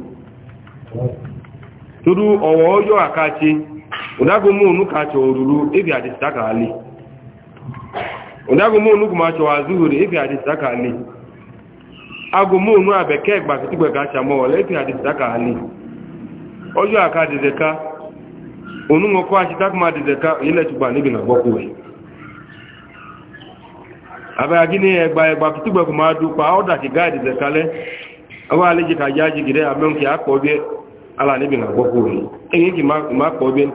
Speaker 1: turu owo yo akachi udago mu nu ka cho ruru ibi hadisa ka ali udago mu nu kuma cho azuhuri ibi hadisa ka ali ago mu nu abeke gba ti gbe ka cha mo le ibi hadisa ka ali ọjọ́ àká dẹ̀dẹ̀ká onúmọ̀kọ́ aṣítákùnmá dẹ̀dẹ̀ká ilẹ̀ tùgbà níbi nà gbọ́kù rẹ̀ àbáyàgí ní ẹgbà ẹgbà pìtìgbẹ̀kù máa dúpa ọ́dà ti gáà dẹ̀dẹ̀ká lẹ́ ọwọ́ alẹ́jì kàjá jìgìrẹ́ abẹ́ǹkì àpọ̀bẹ́ alà níbi nà gbọ́kù rẹ̀ èyí kì máa pọ̀bẹ́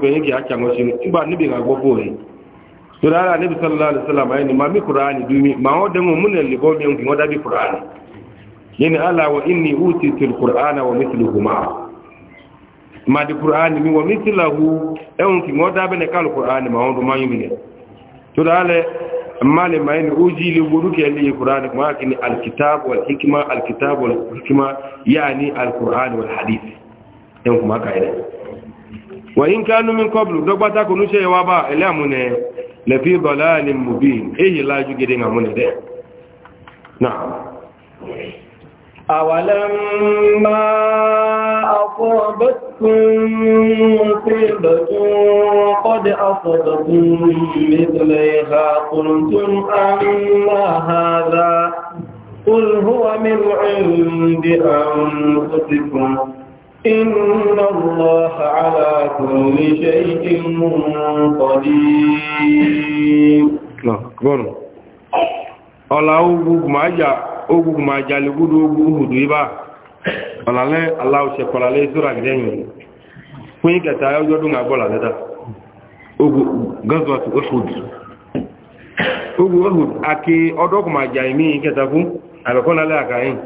Speaker 1: nípa ni mami kuraani dumi màá ọ́ dẹ́mu múnẹ̀ lè bọ́ mi nkì wọ́n dábì kuraani yẹn ni alawo inni uti tìlù kuraana wa mi tìlù ma di qur'ani mi wa mithlahu ehun ki ngoda bene kal qur'ani ma on do ma yumi ne to dale male ma en uji li wudu ke li qur'ani ma kini al kitab wal hikma al kitab wal hikma yani al qur'an wal hadith ehun kuma ka ile wa in kanu min qablu do gbata ko nu wa ba ele amune la fi dalalin mubin eyi la ju gede ngamune de na'am
Speaker 2: أولما أصابتكم مصيبة قد أصبتكم مثليها قلتم أما هذا قل هو من عند أنفسكم إن الله على
Speaker 1: كل شيء قدير. الله أكبر. الله أكبر. ogun ma jali gudu ogun hudu iba ọlalẹ aláwọṣẹ kọlalẹ ìṣúra gidẹyìn fún ìkẹta ọjọdún agbọlà lẹta ogun gọzọtù ohud ogun ohud àti ọdọkùnmájà ìmí ìkẹta fún àbẹkọlálẹ àkàyìn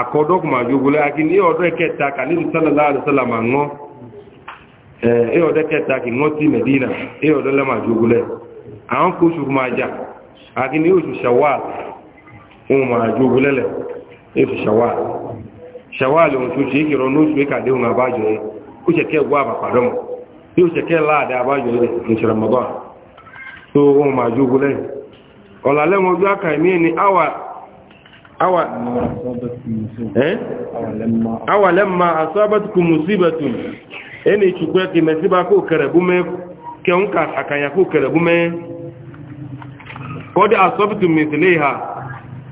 Speaker 1: àkọ ọdọkùnmájà aka àti ní ọdọ ìkẹta kàlílù sálàlá ọdọ ọdọ àwọn kóṣù kùnmájà àti oṣù wọn máa ju ogun lẹ́lẹ̀ èsù ṣàwáàlì ṣàwáàlì ohun tó ṣe é kìrọ lóṣù ìkàdé ohun àbájọ yẹn ó ṣẹ̀kẹ́ wọ àbàpàdọ́mọ̀ yóò ṣẹ̀kẹ́ láàdá àbájọ yẹn ní ramadan tó wọn máa ju ogun lẹ́yìn ọ̀làlẹ́ ojú àkà ìmí ni àwà àwà lẹ́mà asọ́bàtìkù musíbẹ̀tù ẹni ìṣùgbẹ́ kì mẹ́síbà kó kẹrẹ̀búmẹ́ kẹun kà àkàyà kó ìhà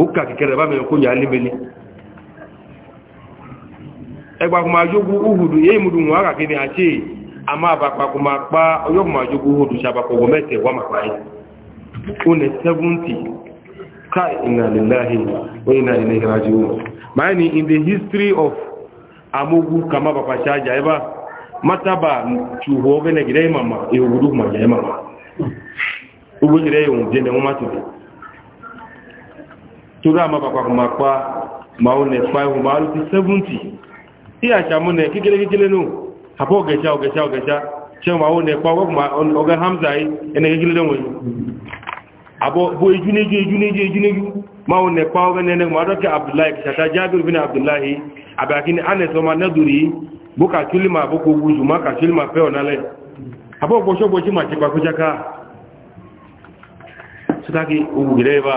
Speaker 1: òkà kìkẹrẹ bá mẹ́rin kó yà lébele ẹgbà kò máa yéé mudu wọn àkàkí ni àti àmà àbàpà pa ọyọ́ kò máa jógún mẹ́tẹ̀ wà máa ó nẹ sẹ́fúntì ká ìnà in the history of amogun kàmá bàbà ṣáájà ẹ bá mátàbà tùhọ́ gẹ́nẹ̀gẹ́dẹ́ torí àmà pàpàpà máa pa máa ó nẹ̀ pa ẹ̀hùn máa ló ti 70 tí àṣàmú nẹ̀ kékeré kékeré nù àpọ̀ ọ̀gẹ̀ṣà ọ̀gẹ̀ṣà ọ̀gẹ̀ṣà ṣe máa ó nẹ̀ pa ọgẹ́ hamza ẹni kékeré lẹ́wọ̀n àbọ̀ bó ejú néjú ejú néjú ejú néjú máa ó nẹ̀ pa ọgẹ́ nẹ́nẹ́ máa dọ́kẹ́ abdullahi ṣàtà jábìrì bin abdullahi àbẹ̀kíní anẹ̀sọ máa nẹ́dùrí bó kàtúlì máa bó kò wùjù má kàtúlì máa fẹ́ ọ̀nálẹ̀ àbọ̀ gbọ́ṣọ́gbọ́ṣí máa ti pàkójáká sọ́tàkì owó gẹ̀rẹ́ bá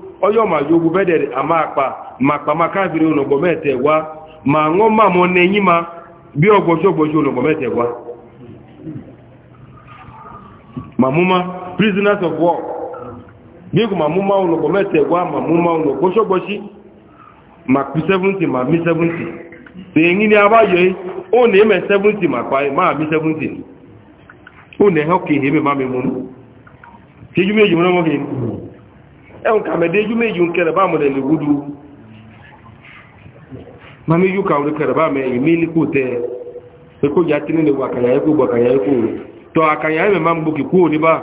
Speaker 1: onye ma yọ ogbu bedere ama akpa ma akpa ma kabiri onogbomete gwa ma ṅụ ma na-enyi ma bịa ogbochi ogbochi ma gwa prisoners of war bịgụ mamụma onogbomete gwa ma kpi 70 ma mi 70 ni 70 ma ma mi 70 ma ẹun kàmẹ̀dẹ́jú méjì ń kẹrẹ bá mọ̀lẹ̀ lè wúdú ma mi yú kàwọn kẹrẹ bá mẹ́ ìmí ní kò tẹ́ ẹkọ́ yà tí nílẹ̀ wà kàyàyẹ́kò bọ̀ kàyàyẹ́kò rẹ̀ tọ́ àkàyàyẹ́ ma ń gbókè kúrò níbà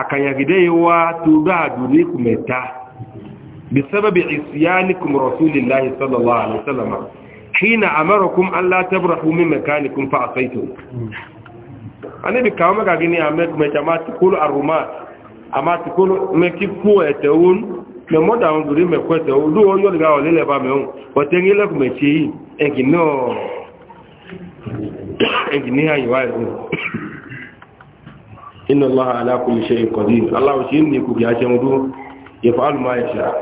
Speaker 1: àkàyàgídẹ́ wá tó dáàdù ní kùmẹ̀ta bí sábàbí ìsìyánikùm rọ̀súlìláhi sallallahu alaihi wasallam hina amarakum allah tabrahu min makanikum ama ti ko mɛ ki kó ɛtɛ wo nu mɛ mɔda ŋu do ɖi mɛ kó ɛtɛ wo do wo yɔli ka wòle lɛ ba mɛ ŋu ɔtɛ ŋi lɛ kumɛ tse yi ɛgi nɔ ɛgi ni ayi wa yi inna allah ala kulli shay'in qadir allah o shin ni ku ya shan du yaf'alu ma yasha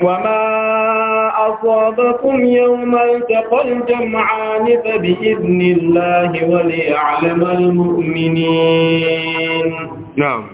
Speaker 2: wa ma asabakum yawma altaqal jam'an fa bi idhnillahi wa liya'lamal mu'minin
Speaker 1: na'am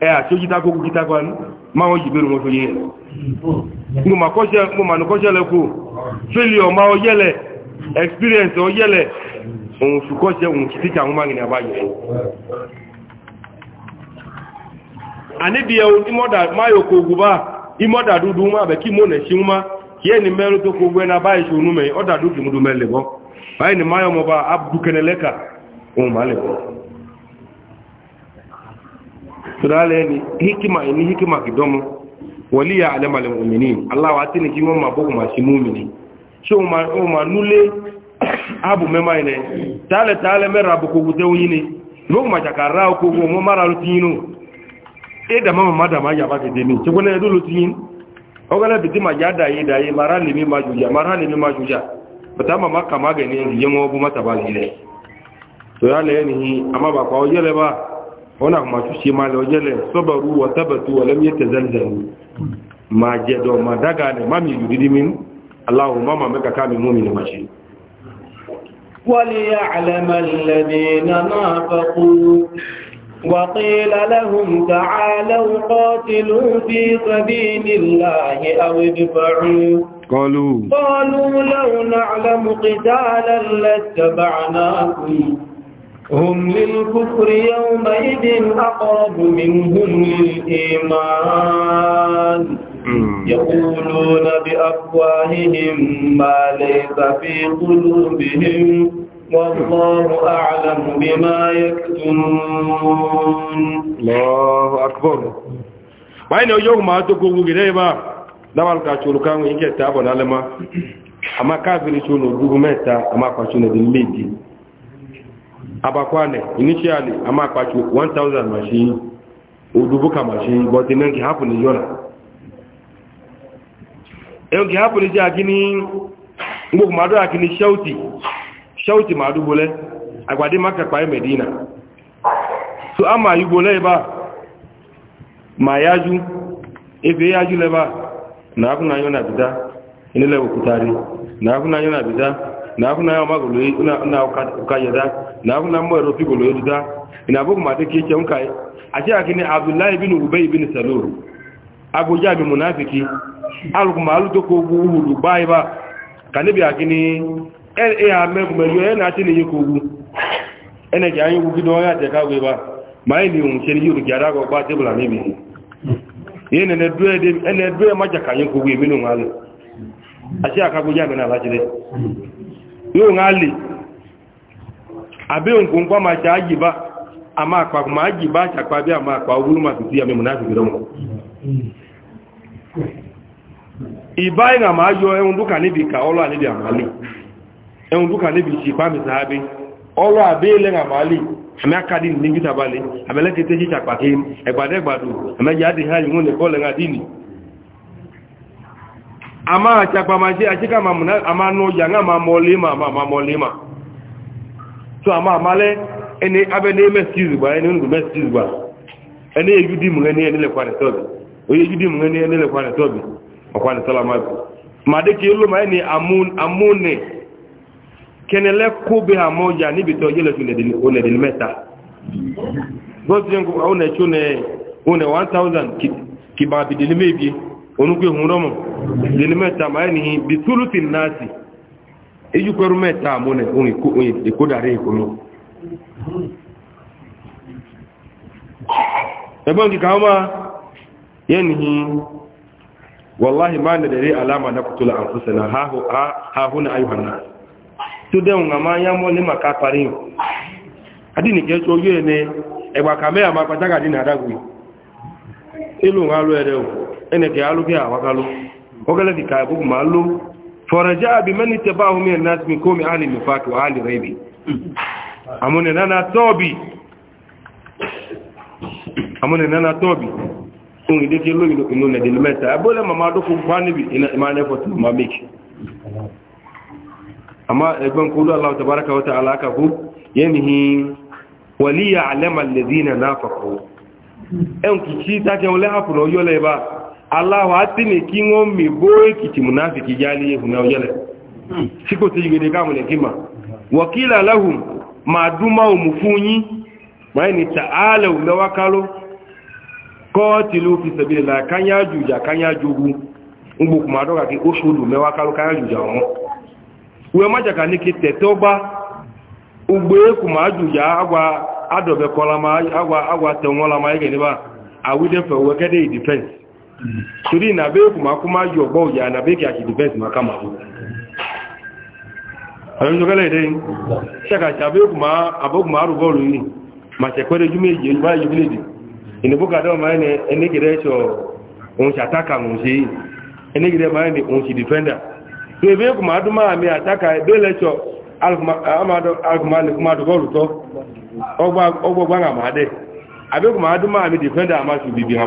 Speaker 1: ẹ àti ojúta kó kúkúta kan máa wọ́n jìbẹ̀rù wọn tó yẹ mo mà ní kọ́ṣẹ́ lẹ́kù failure máa ọyẹ́lẹ̀ experience ọyẹ́lẹ̀ òun ṣùkọ́ṣẹ́ òun ọ tíjà wọn máa rìn àbáyẹ̀ àníbìyẹ̀ onímọ̀dà máyò kò gùbá ìmọ̀dà máa bẹ̀ kí mò nẹ̀ sí wọn má kí ẹni mẹ́rin tó dúdú tunale ni hikima ni hikima kidomo waliya alama lil mu'minin allah wa tini kimo ma boku ma shi mu'mini so ma o ma nule abu mema ile tale tale mera bu ko gute uyini boku ma jakara ko go mo mara lu tinu e da mama mada ma ya ba ke deni so ko ne du lu tinu o gala biti ma ya da yi da yi mara ni mi ma juja mara ni mi ma juja bata ma maka magani yemo bu mata ba ile to ya le ni amma ko yele ba ona kuma tu shi mala ojele sabaru wa tabatu wa lam yatazalzalu ma jedo ma daga ne mami yuridi min allahumma ma maka kami mu'minu mashi
Speaker 2: وليعلم الذين نافقوا وقيل لهم تعالوا قاتلوا في سبيل الله أو ادفعوا قالوا قالوا لو نعلم قتالا لاتبعناكم هم للكفر يومئذ أقرب منهم للإيمان يقولون بأفواههم ما ليس في قلوبهم والله أعلم
Speaker 1: بما يكتمون الله أكبر وين يوم ما تقول غريبا dawal ka churu kan yake tabon alama amma kafiri churu dugu meta amma abakwane initially ama akpachu 1000 machine odubuka machine but nengi nke hapụ yona engi hapo ni jagini ngoku madu akini shauti shauti madu bole agwadi maka kwa e medina so ama ma ya mayaju ebe yaju leba na hakuna yona bidha inile ukutari na hakuna yona bidha na abu na yawa magulu ina ina ukaye da na abu na mwa rofi gulu yadu da ina abu kuma take yake unka a ce akini abdullahi bin ubay bin salur abu jabi munafiki alu kuma alu to ko bu hulu bai ba kanibi akini el e a me kuma yo ena ti ni yiko bu ene ki ayu gido ya te ka we ba mai ni un cheni yuru gara go ba tebula ni bi yene ne due de ene due majaka yin ko we minu ngale a ce akabu jabi na yóò ń alè àbí òǹkùn kọ́ máa ṣe ájìbá a máa pàkù máa ájìbá àṣàpá bí a máa pa owó máa fìtí àmì múná fìfì lọ́wọ́ ìbá ìrìn àmà yọ ẹun dúkà níbi ìkà ọlọ́ àníbi àmàlè ẹun dúkà níbi ìṣìpá mi sàábé ọlọ́ àbí ilẹ̀ àmàlè àmì akadì ní gbítàbalẹ̀ àmì ẹlẹ́kẹ̀ẹ́ ama achakpamaji achika ama n'ụja nga ma mọli ma ma mọli ma so ama amale ene abe ne mesiz gba ene ndu mesiz gba ene yudi mu ene ene le kwani tobi oye yudi mu ene ene le kwani tobi okwani salama ma de ki lu ma ene amun amune kenele kubi amoja ni bito yele tune dini one dini meta gozi yangu au ne chune une 1000 kibabidili mebi onukwe hunromo dini meta maeni hi bituluti nasi iju kweru meta mune ungi ungi ikudare ikulu ebon ki kama yeni hi wallahi ma na dare alama na kutula anfusana ha hu ha huna ayuha nas to de unga ma ya mo ni maka pari adini ke so ye ne egba kamera ma pataga dini adagwi ilu nga lo ere ẹnẹ̀kẹ̀ alókẹ́ àwákáló ọgọ́lẹ́dì kààkùkù máa ló fọ̀rọ̀já àbí mẹ́ni tẹ bá omi ẹ̀nà ti kó mi àlè mi fàákì wà lè rẹ̀ ibi àmúnẹ̀nà tọ́ọ̀bì ohun ìdíkẹ́ lóyìn inú nàìjíríà mẹ́ta abúlé màmá dókù bá níbi ìmáyẹ̀ fọ́tí màmá méjì amma ẹgbọn kúrò aláwọ̀ tabaraka wata alákàkú yẹnihi wàlíyà alẹ́mà lè dínà náà fàkó ẹnkù tí tákẹ́ wọlé hapùnà yọ́lẹ̀ bá aláwọ̀ átìní kí wọ́n mi bó èkìtì múnáfìkì já ní ìhùnà ọjọ́lẹ̀ tí kò tí gẹ̀dẹ̀ káàmùlẹ̀ kí ma wọ̀kílà aláhùn ma dúnmá òmù fún yí ma tààlẹ̀ òmẹ́wákáló kọ́ọ̀tìlú fi sẹ̀bìlẹ̀ láì káyájú ìjà káyájú ogun gbogbo ma ma torí ìnàbé na be ọgbọ́ òyà ìnàbé kí àti dìbẹ́sì máa kàmà wọ́n àwọn ìjọgẹ́lẹ̀ ìdẹ́ yìí ṣẹ́kàṣì àbókùnmá arúgbọ́ọ̀lù yìí ma ṣẹ̀kọ́rẹ́ jú méjì ẹjú báyìí jùmílèdì ìnìbókàdọ́ máa ní ẹnẹ́gẹ̀rẹ́ ẹ̀ṣọ́ òun ṣàtàkà òun ṣe ẹnẹ́gẹ̀rẹ́ máa ataka ebe ṣì dìfẹ́ndà tó ebí kùnmá dúnmá àmì ma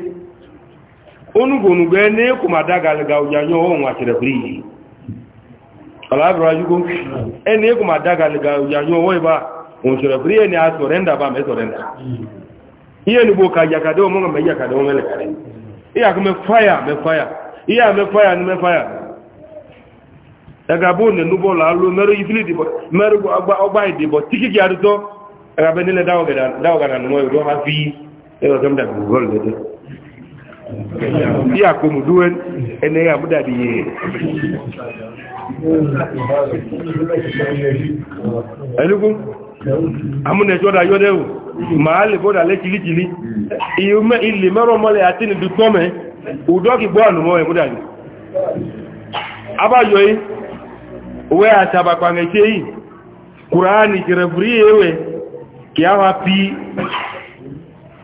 Speaker 1: onugbo onugbo ene ko ma dagal ga ujanyo o nwa tere bri ala bra ma ga ujanyo o ba on tere bri ba me surrender iye ihe bo ka ya ka do mo ya iya me fire me fire iya me fire ni me fire daga ne lo mere ifili tiki na ha fi bí àkómù dúwẹ́ ẹni àmúdàdì yẹ ẹnukún amúnẹ̀ṣọ́dà yọ́dẹ̀wò máa lè bọ́dà lẹ́ kìlìkìlì ilè mẹ́rọ mọ́lẹ̀ àti nìdú tọ́mẹ́ òdọ́kì gbọ́ ànùmọ́ ẹ̀múdàdì abájọ́ yìí wẹ́ àtàbàpàmẹ́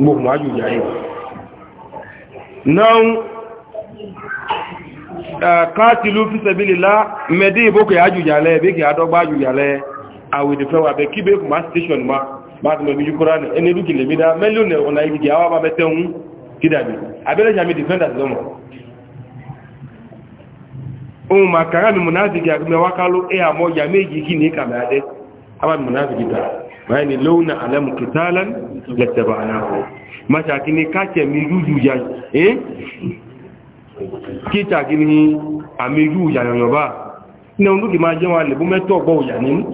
Speaker 1: gbogbo máa jùjá yìí náà káàtìlú fi sẹ̀bílìlá mẹ́dí ìbókè ajùjálẹ̀ bíkì àdọ́gbà ajùjálẹ̀ àwèdìfẹ́wà bẹ̀ kí bẹ́ẹ̀kù máa station ma máa tún mẹ́bí jùkúrá ní ẹni lúkì lè mídá mílíọ̀nù ọ̀nà ìgbìgì àwọn bá mẹ́tẹ̀hún kídàbí abẹ́lẹ́sàmì defenders lọ́mọ̀ ohun màkàrà mi mùnáàzìgì àgbẹ̀wákáló ẹ̀ àmọ́ yàmé ìgì aba munafiki ta bayani launa alamu qitalan lattaba'nahu mata kini kace mi juju ya eh kita kini ami juju ya no ba ne undu ki ma je wa le bu meto gbo ya ni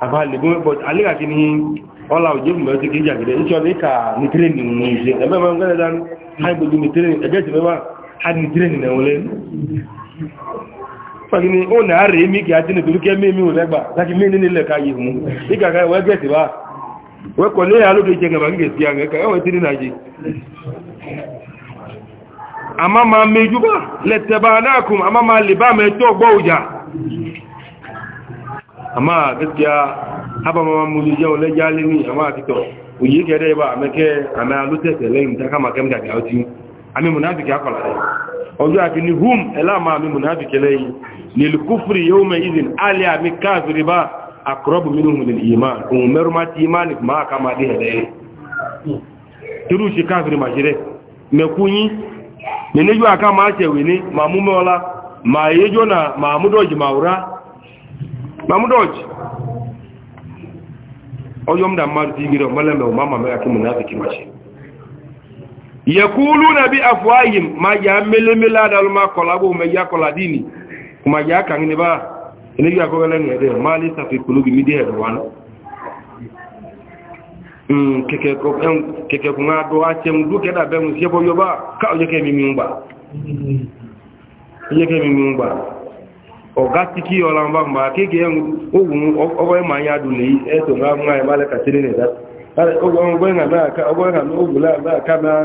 Speaker 1: aba le bu but alega kini ola oje mu meto ki ja gide nso le ka ni training ni je e ba ma ngana dan hay bu ni training e je ba ha ni training na wole pàkí ni ó nà á rèé mí kì á dín nítorí kẹ́ mímí ò lẹ́gbà láti mí nínú ilẹ̀ ká yìí mú ìgbà ká wẹ́ gẹ̀ẹ́sì wá wẹ́ kọ̀ lé àlódò ìjẹ gàbà kí gẹ̀ẹ́sì àgbẹ̀ ká ẹ̀wọ̀n tí ní nàìjí àmá máa méjú bá lẹ́tẹ̀bá aláàkùn àmá máa lè ami munafiki akọla rẹ̀ ọjọ́ àti ni hum ẹláàmà ami munafiki lẹ́yìn nìlùkúfìrí yóò mẹ́ ìdìn alẹ́ àmì káàfìrí bá akọrọ̀bù mínú hùn ìmá ohun mẹ́rù ti imá ní máa ká máa dé ẹ̀rẹ́ tírú ṣe na máa mú dọ́jì máa wúrá máa mú dọ́jì ọjọ́ yekuluna bi afwahim ma ya melemele adalu ma kola bo me ya kola dini kuma ya kan ni ba ni ya ko wala ni de ma li safi kulubi mi de wan mm keke ko en keke ko nga do achem du ke be mu sebo yo ba ka o je ke mi mi ba je ke mi mi ba o gati ki o lan ma ke ke en o wu o ko ma ya du ni e to ga ma e ba le ka tini ne da o go ngo nga na ka o go no bula na ka na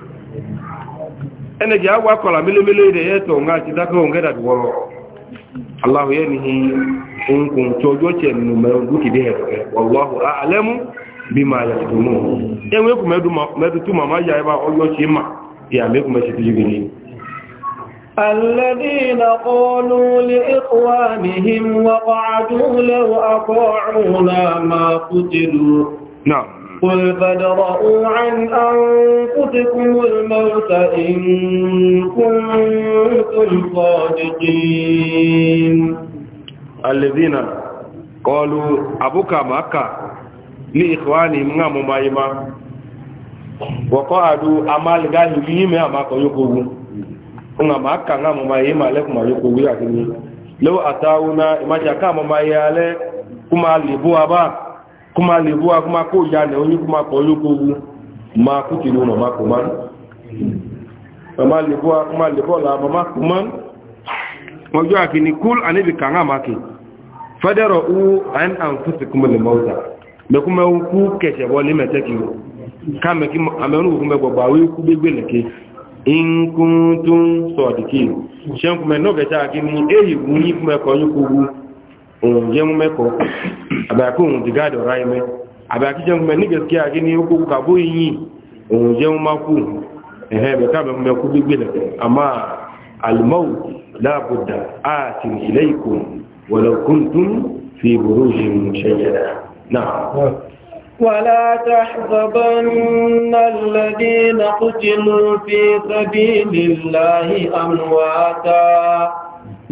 Speaker 1: ene gi agwa kola mele mele de yeto nga ti daka onge da woro allah yani hi un kun tojo che mama ya ma ya
Speaker 2: الذين قالوا لإخوانهم وقعدوا لو أطاعونا ما قتلوا نعم قل فادرؤوا عن أنفسكم الموت إن كنتم
Speaker 1: صادقين الذين قالوا أبوك مكة لإخواني من ممايما وقعدوا أمال جاهلين أما يقولوا nga maka nga mummayima le kuma yoko wiya kini lew atawuna imaja kama mayale kuma libu kuma le bua kuma ko ya le onyi kuma ko yo ko wu ma ku ti no ma ko man ma le bua kuma le bo la ma ko man mo jo akini kul ani bi kanga ma ki fadaro u an an fusikum le mauta me kuma u ku kese bo le mete ki ka me ki amenu ku me gbagba we ku be gbele ki in kuntum sadiqin shen kuma no ga ta akini eyi wuni kuma ko yo ko wu ohun jẹun mẹ́kọ̀ọ́ àbẹ̀kú ohun ti gáàdọ̀ ráyẹ mẹ́ àbẹ̀kí jẹun mẹ́ nígbẹ̀sí àgé ní ó kókò kàbó yìí ohun jẹun má kú ẹ̀hẹ́ ẹ̀bẹ̀ká mẹ́kú gbígbé lẹ̀ àmà alimau láàbùdà àti ilé ìkó wọ̀lọ̀kùntún fi ìbòrò ṣe mú ṣẹyẹ̀dá náà.
Speaker 2: ولا تحسبن الذين قتلوا في سبيل الله أمواتا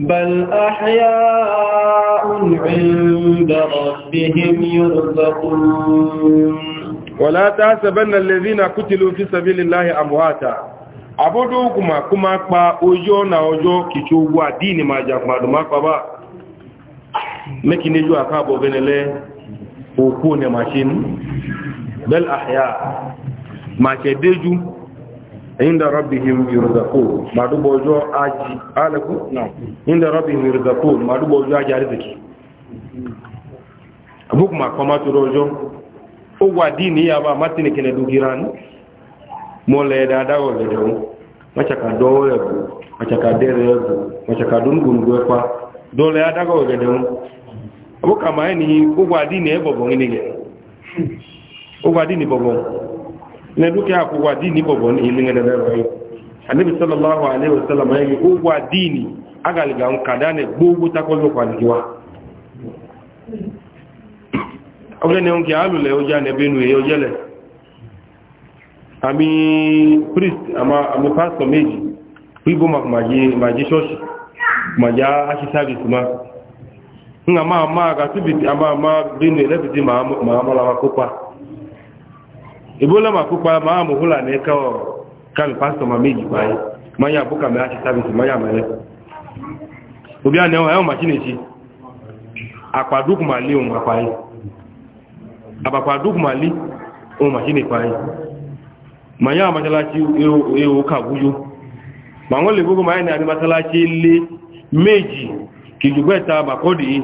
Speaker 2: بل أحياء عند
Speaker 1: ربهم يرزقون ولا تحسبن الذين قتلوا في سبيل الله أمواتا abodo kuma kuma pa ojo na ojo kicho wa dini ma ja pa do ma pa ba meki nejo aka bo benele oku inda rabbihim yurzaqun madu bojo aji alaku no inda rabbihim yurzaqun madu bojo aji arziki abuk ma koma tu rojo o wa dini ya ba matini kene dugiran mo le da da o le do macha ka do le do macha ka de le do macha ka dun gun do pa do le da go le do abuk ma ni o wa dini e bobo ngini ge o wa dini bobo ne dukiya ku wa dini bobo ni ilin da rayi annabi sallallahu alaihi wasallam yayi ku wa dini agal ga kada ne gugu ta ko ko ni wa awle ne onki alu le oja ne benu e ojele ami priest ama ami pastor meji wibo mak maji maji church maja ashi service ma nga ma ma ga tubiti ama ma dini lebiti ma ma ma la kopa ibola makupa maamu hula neka o kami pastor mamiji bai manya buka meachi service manya mele ubia ne o machine chi akwaduk mali o mapai aba kwaduk mali o machine pai manya matalachi e o kabuju mangole bugo manya ni matalachi le meji kijugweta kodi.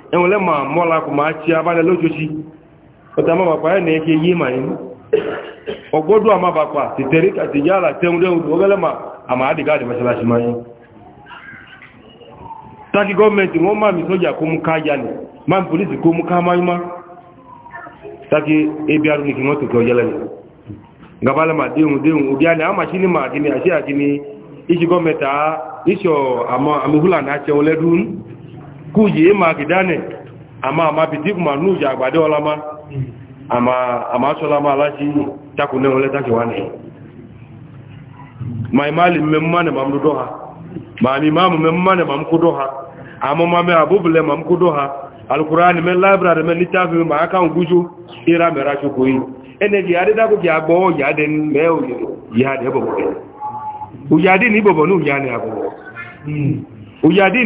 Speaker 1: enwele ma mọla akụ ma chi abalị lojochi pụta mabakwa ya na-eke ma ịnụ ọgwọdụ ka ala tenwude nwudu ogele ma ama adịga ma taki gọọmenti nwọn ma ni ma polisi kó mú taki ni ma ma ya gịnị gọọmenti a iso ama amihula na achị onwele kú yìí máa kì dánẹ̀ àmà àmà bìtìkù mà núùjà àgbàdé ọlámá àmà aṣọ́lámá aláṣí takùnẹ́ ọlẹ́ takìwá nẹ̀ ma ìmáàlì mẹ́mọ́ nẹ̀ ma ń dọ́ ha ma àmì ìmáàmù mẹ́mọ́ nẹ̀ ma ń kó dọ́ ha àmọ́ ma mẹ́ àbúbùlẹ̀ ma ń kó dọ́ ha alukura ni mẹ́ láìbìrì mẹ́ nítàfi ma ká ń gújú ìrà mẹ́ra ṣokò yìí ẹnẹ́gì adédákò kì agbọ́ yàdẹ mẹ́ òyàdẹ bọ̀bọ̀ òyàdẹ ní bọ̀bọ̀ ní òyàdẹ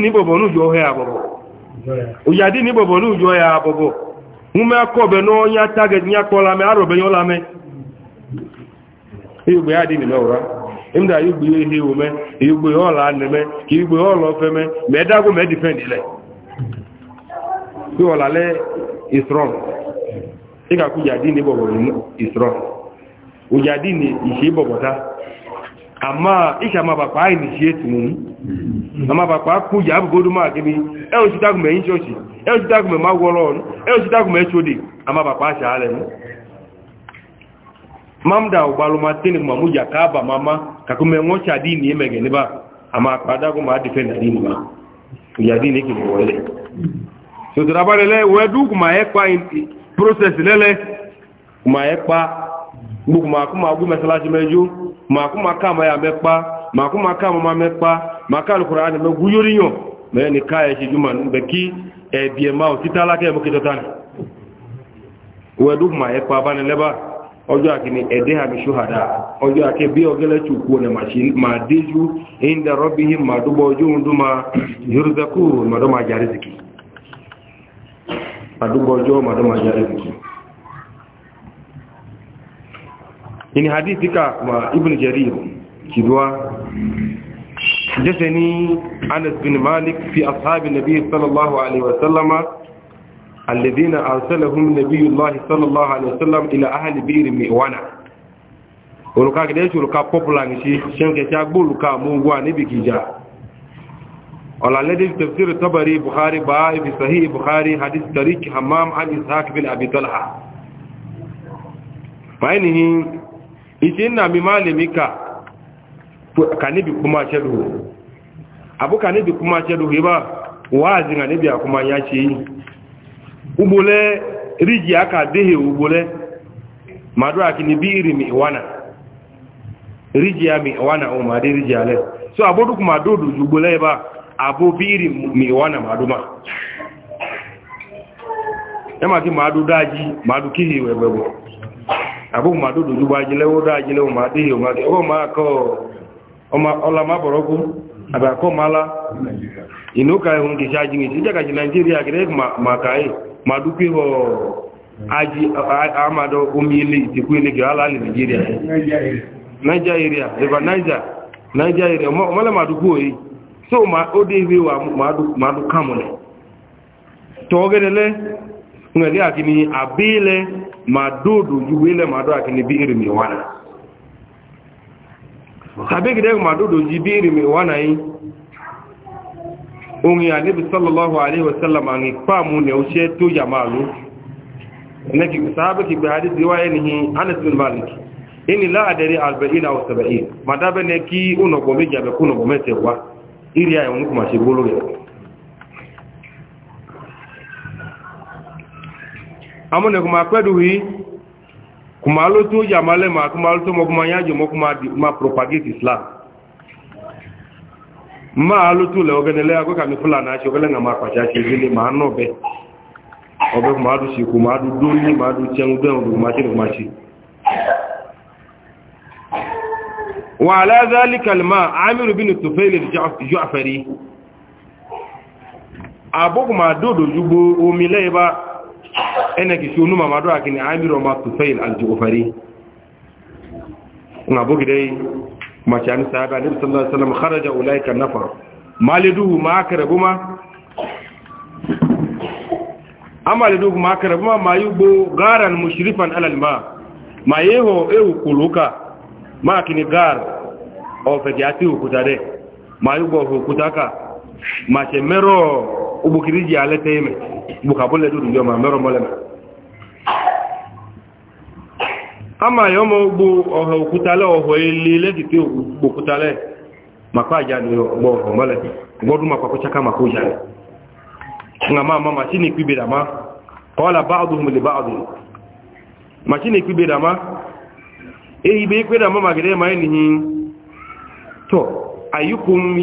Speaker 1: àbọ̀bọ̀ ụyadị na igbobo na uju ya abụbụ ume akọbe na onye ata ga etinye aka olame arụbenye olame igbe ya dị n'ime ụra ịmda igbe ihe ume igbe ọla neme ka igbe ọla ofeme ma edagwo ma edifendile ọlale isron ị ga-akwụ ụjadị na igbobo isron ụjadị na ihe ịbọbọta amma isha ma ba kwa initiate mu amma ba kwa ku ya bu godu ma gibi e o sita ku me church e o sita ku me magworo e o sita ku mamda ubalu matini kuma muja mama kakume ngocha dini emege ni ba amma ku ma defend dini ba ya dini ki mu wele so trabale le wedu process lele kuma gbogbo màkúmà ogún mẹsàlájú mẹjú màkúmà káàmà ya mẹ́pa ya káàmà ma mẹ́pa màkàlùkùrà á ní mẹ́gú yóò na mẹ́rin ní káà ẹ̀ṣẹ̀ jùmọ̀ níbẹ̀ kí ẹ̀bì ẹ̀má ò títà lákẹ́ ẹ̀mú kẹtọ́ta ni wẹ́dùmà ẹ̀pa abánilẹ́bà ọjọ́ àkíní ẹ̀dẹ́ àmì ṣúhàdá ọjọ́ ma ma ini hadithi ka wa ibn jarir kidwa حدثني أنس بن مالك في أصحاب النبي صلى الله عليه وسلم الذين أرسلهم نبي الله صلى الله عليه وسلم إلى أهل بئر مئونة oluka kede su oluka popular ni si shenke ti agbo oluka mungu a níbi gija ọ̀làlẹ́dẹ̀ tafsir tabari buhari ba ibi sahi buhari hadith tariq hammam an ishaq bin abi talha fa ainihin ìṣe nà mi máa lè mi kà kà níbi kúmá ṣẹ́lú àbú kà níbi kúmá ṣẹ́lú rí bá wáàzì nà níbi àkúmá yá ṣe yìí ugbólẹ́ ríjì aka déhè ugbólẹ́ màdúrà kì ní bí ìrì mi ìwánà ríjì mi ìwánà ohun màdé ríjì alẹ́ so àbódùkù màdódù ju ugbólẹ́ bá àbó bí ìrì mi ìwánà màdúmà ẹ máa kí màdú dájí màdú kíhì wẹ̀wẹ̀wẹ̀ agbóhùn máa dòdò ju bá ajílẹ̀ ó dá ajílẹ̀ ó máa déhìí ọmọdé ọwọ́ máa kọ́ ọlá máa bọ̀rọ̀ kú àbí àkọ́ máa lá ìnúkà ẹ̀hùn kì í ṣáájú ní ìjẹ́gàjì nàìjíríà gẹ́gẹ́ máa kàáyè máa dúpé họ ají àmàdọ̀ omi ilé ìtìkú ilé gẹ̀ẹ́ alálẹ̀ nàìjíríà nàìjíríà river niger nàìjíríà ọmọlẹ̀ máa dúpó yìí so ó dé ìwé wa máa dú kàmùlẹ̀ tọ́gẹ́dẹ́lẹ́ ń ma dodo jugu ile ma do akini bi iri mi wana sabe gide ma dodo ji bi iri mi wana yi ongi anibi sallallahu alaihi wasallam angi mu ne ushe to jamalu ne ki sabe ki bi hadith riwaya ni Anas bin Malik ini la adari 40 aw 70 madabe ne ki uno gome jabe kuno gome tewa iri ayo nku ma shibulu ya amune kuma kwedu hii kuma lotu ya malema kuma lotu mokuma nyajo mokuma ma propagate islam ma lotu le ogenele ako kami fulana acho gele ngama kwa chachi zili ma nobe obe kuma adu si kuma adu duni ma adu chengu denu kuma chi kuma chi wa ala dhalika alma amir bin tufail al-ja'fari abukuma dodo yubo omile ba ene ki sunu ma madu akini amiru ma tufail al-jughfari nga bugi dai ma ci an sahaba nabi sallallahu alaihi wasallam kharaja ulaika nafar maliduhu ma akrabuma amaliduhu ma akrabuma ma yubu garan mushrifan ala al-ma ma yeho ewu kuluka ma kini gar o fe jati ukutade ma yubu ukutaka ma chemero ubukiri ji ale teyime bukabule dudu yo ma mero mole ma ama yo mo bu oho okutale oho ilile dite okutale makwa ja ni bo oho mole bodu makwa ko chaka makwa ja nga ma mama sini kwibira ma qala ba'dhum li ba'd ma sini kwibira ma e ibe kwibira ma magire ma ni to ayyukum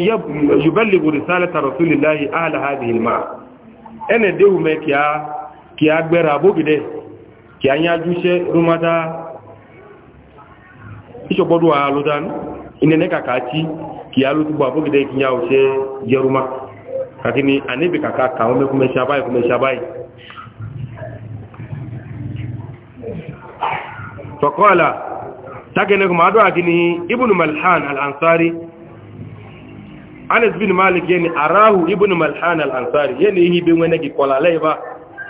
Speaker 1: yuballighu risalata rasulillahi ala hadhihi almar ene dewu me kia kia gbera bogide kia nyaju se rumata iso bodu aludan inene kakati kia lutu bo bogide kinya o se jeruma kakini anibi kaka ka o me kume shabai kume shabai فقال تكنكم ادوا كني ابن ملحان الانصاري anas bin malik yani arahu ibn malhan al-ansari yani yi bin wani ki kwalalai ba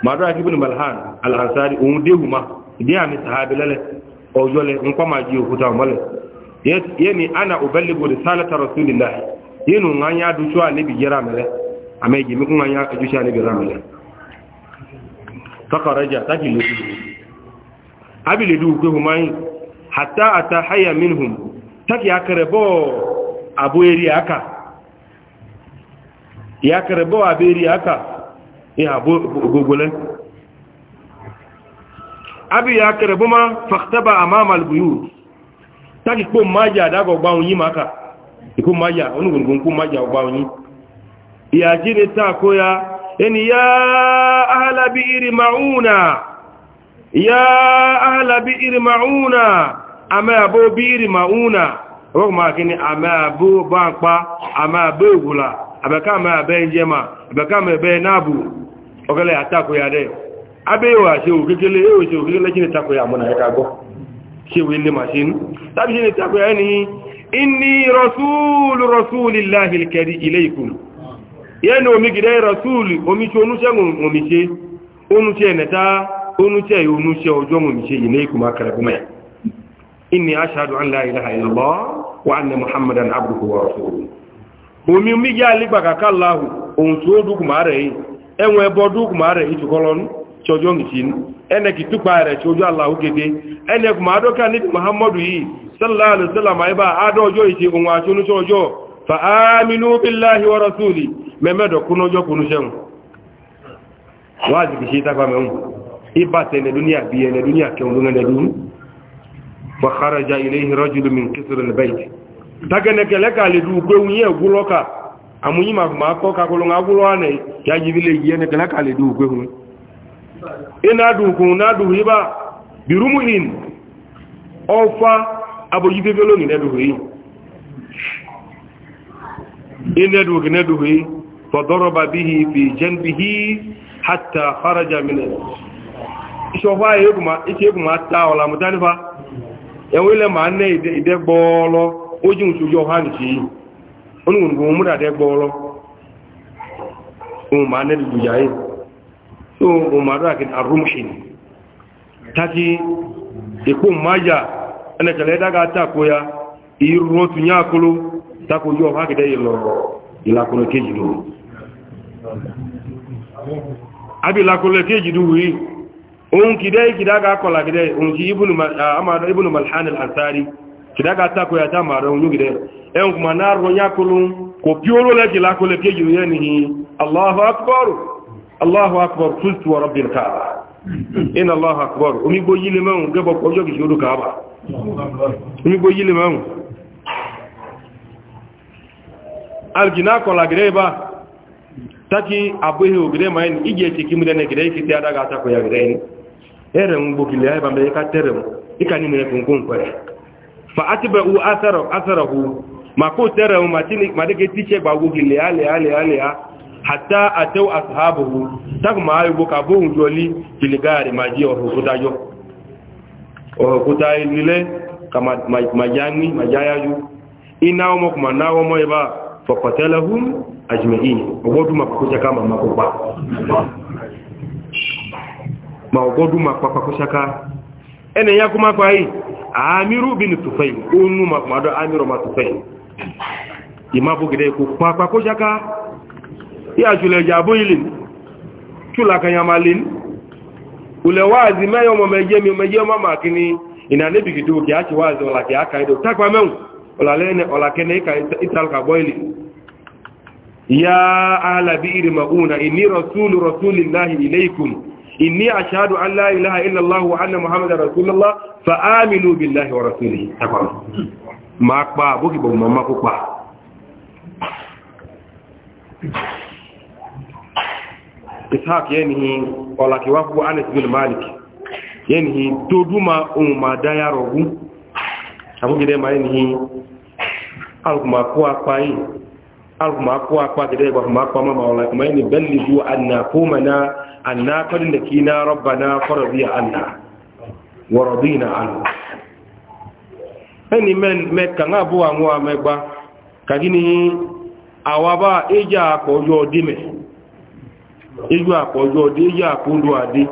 Speaker 1: madu aki ibn malhan al-ansari un dehu ma idi ami sahabi lale ojole n kwama ji okuta mole yani ana uballigu risalata rasulillahi yinu nga ya ducu a jira mele a mai gimi kun ya ducu jira mele fakaraja ta ki ledu abi ledu ko humayi hatta ata minhum taki akare bo abu eri aka ya karɓi wa beri haka ya gogole abi ya karɓi ma faktaba a mamal buyu ta ki kó maja daga ọgbàun yi maka ikú maja wani gungun kó maja ọgbàun yi ya ji ne ta koya yani ya ahala bi iri ma'una ya ahala bi iri ma'una a mai abo bi iri ma'una wọ́n ma kí abo ba n abo igula abekama abe njema abekama ebe nabu ogele atako ya de abe wa se ogegele e o se ogegele jini tako ya mona ka go se we ni machine tabi jini tako ya ni inni rasul rasulillahi alkarim ilaykum yenu omi gide rasul omi se onu se omi se onu se neta onu se onu se ojo omi se ilaykum akrabuma inni ashhadu an la ilaha illallah wa anna muhammadan abduhu wa rasuluhu omi mmiri alịgba ka kala ahụ onwutu odukwumarị enwe ebe ọdụkwumarị ichukolọn chọjọ ngichin eneki tukpare chọjọ ala ukede eneku ma adoka nibi muhammadu yi sallallahu alaihi ada ọjọ ise wa rasuli ọjọ kunu sẹun wáàzì kìí takwa dakenekele ka le du kwe nwunye gwụrọ ka amụnyi ma bụ akọ ka gwụrụ nwa ya jibile ka le du ị e na-adụ ukwu na-adụ iba biru mu in ọfa abojibebelo ni nedu yi inedu e gi nedu yi fọdọrọba bihi fi janbihi hatta faraja min e mutanifa ma ide gbọọlọ ojú ìṣòjọ́ hàn sí onígbòǹgbò múdàdẹ́ gbọ́ọ́rọ́ ohun ma nẹ́bí gbùjà yìí so ohun ma rọ́ àkìtì arúmṣìn tàbí ìpò máyà ẹnẹ̀kẹ̀lẹ́ dága tàkó ya ìrọ́ tún yá kóló tàkó yọ hákìtẹ́ yìí lọ ìlàkọlọ kéjì ló àbí ìlàkọlọ kéjì ló wí ohun kìdẹ́ ìkìdága kọlà kìdẹ́ ohun ti ibùnù malhánil ansari kìdá ka tako yàtá màá rẹ̀ onú gidẹ ẹn kuma náà rọ nyá kolon kò pioro lẹ jìlá kolẹ pé yìí yẹn nìyí aláhu akbar aláhu akbar tuntun wọrọ bin kaaba in aláhu akbar omi gbó yìí limẹ́hùn gẹ́bọ kọjọ́ kìí ṣòro kaaba omi gbó yìí limẹ́hùn. aljina taki abohe ogidẹ maa yi ije ti kimu dẹnẹ ya mu fa atba'u athara atharahu ma ko tara ma tini ma dake tiche ba go gile ale ale ale hatta atau ashabuhu tak ma ayu go kabu njoli kiligari maji o kutajo o kutai lile kama majani majayaju inao mo kuma nawo mo iba fa qatalahum ajma'in ogodu makukuta kama makopa ma ogodu makopa kushaka ene yakuma kwa hii amiru bin tufayl onu ma ma do amiru ma tufayl ima bu gide ku pa pa ko jaka ya jule ja bo ilin tula kan yamalin ule wazi me yomo meje mi meje mama kini ina ne bigidu ki achi wazi ola ki aka ido takwa men ola lene ola kene ka ital ka ya ahla bi'ri mauna inni rasul rasulillahi ilaykum inni ashhadu an la ilaha illa allah wa anna muhammadar rasulullah fa aminu billahi wa rasulihi takwam ma pa boki bo mama ko pa ishaq yanihi wala ki wafu bin malik yanihi doduma umma dayarogu abu gide ma yanihi
Speaker 2: alkuma ko apai alhuma ko akwa da ba kuma akwa mama wala kuma ni ballihu anna kumana
Speaker 1: anna kadin da kina rabbana faradiya anna wa radina anhu eni men me kan abu anwo amegba kagini awaba eja apojo odime eju apojo odi eja apondo ade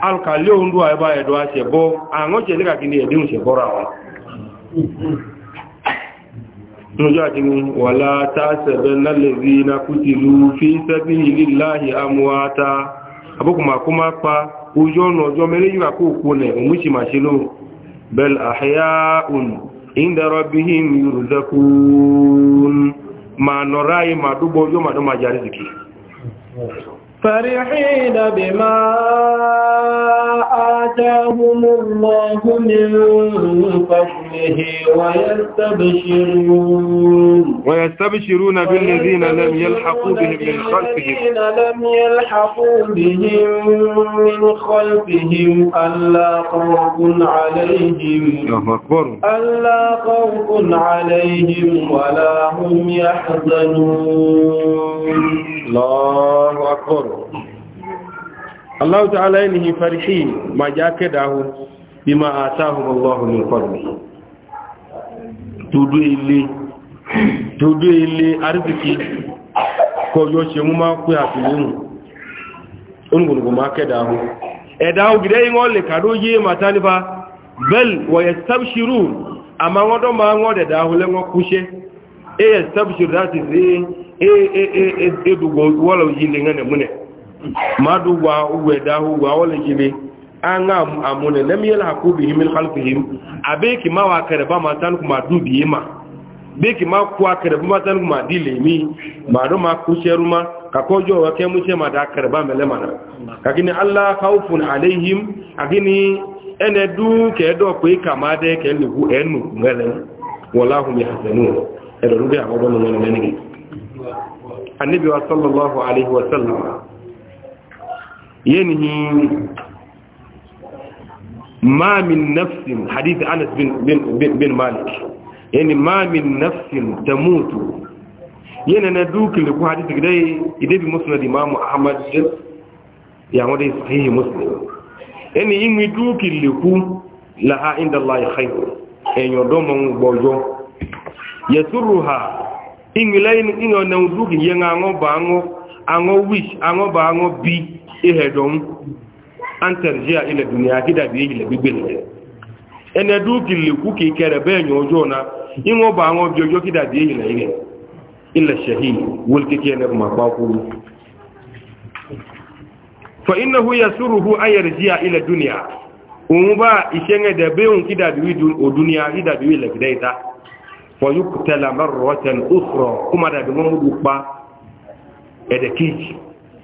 Speaker 1: alkale ondo aba edo asebo anwo che ni kagini edun se bora nujo ati ni wala ta sabanna allazina kutilu fi sabilillahi amwata abukuma kuma pa ujo no jo mere yi ko ko ne umushi mashilo bel ahyaun inda rabbihim yurzakun ma norai madubo jo فرحين بما
Speaker 2: آتاهم الله من فضله
Speaker 1: ويستبشرون ويستبشرون بالذين لم يلحقوا بهم من خلفهم لم يلحقوا
Speaker 2: بهم من خلفهم ألا خوف عليهم ألا خوف عليهم ولا هم يحزنون
Speaker 1: الله أكبر Allah ta'ala yanihi farhi ma ja kedahu bima atahum a min fadli tudu ile tudu ile arziki ko yo se mu ma ku afilun ungungu ma kedahu edahu gidai ngole kadoji matanifa bal wa yastabshirun ma ngode dahu le ngokushe e yastabshir that is e e e e dugo wala yile ngane mmadụ gwa uweda ahụ gwa ọlịkiri aṅa amụne lemiyela akụ ubi himil halkihim abeki ma wa kere ba ma tanku ma dubi ma beki ma ku akere ba ma tanku ma dile mi ma do ma ku sheruma ka ko jo wa ke mu ma da kere ba mele mana kakini allah khawfun alaihim akini ene du ke do pe kamade ke lugu enu ngale wallahu yahzanun edo rubi awodo no ne ne ni annabi wa sallallahu alaihi wa sallam yanihi ma min nafsin hadith anas bin, bin, bin, bin malik yani ma min nafsin tamutu yana na dukkan da ku hadith gidai idabi musnad imam ahmad ya wada sahihi muslim yani yin mi dukkan da ku laha inda allah khair en yodo mon gbojo yasuruha in ilayin in wannan dukkan yan ango ba ango ango wish ango ba ango bi ihe don an tarjiya ila duniya kida biye ile bigbele ene du kile ku ki kere be nyo jo na inwo ba won bi ojo kida biye ile ile illa shahid wal kike ne ma ba ku fa innahu yasuruhu an yarjiya ila duniya umu ba ishenge da be un kida biye o duniya kida biye ile bidaita fa yuqtala marratan ukhra kuma da bi mu pa ede kiji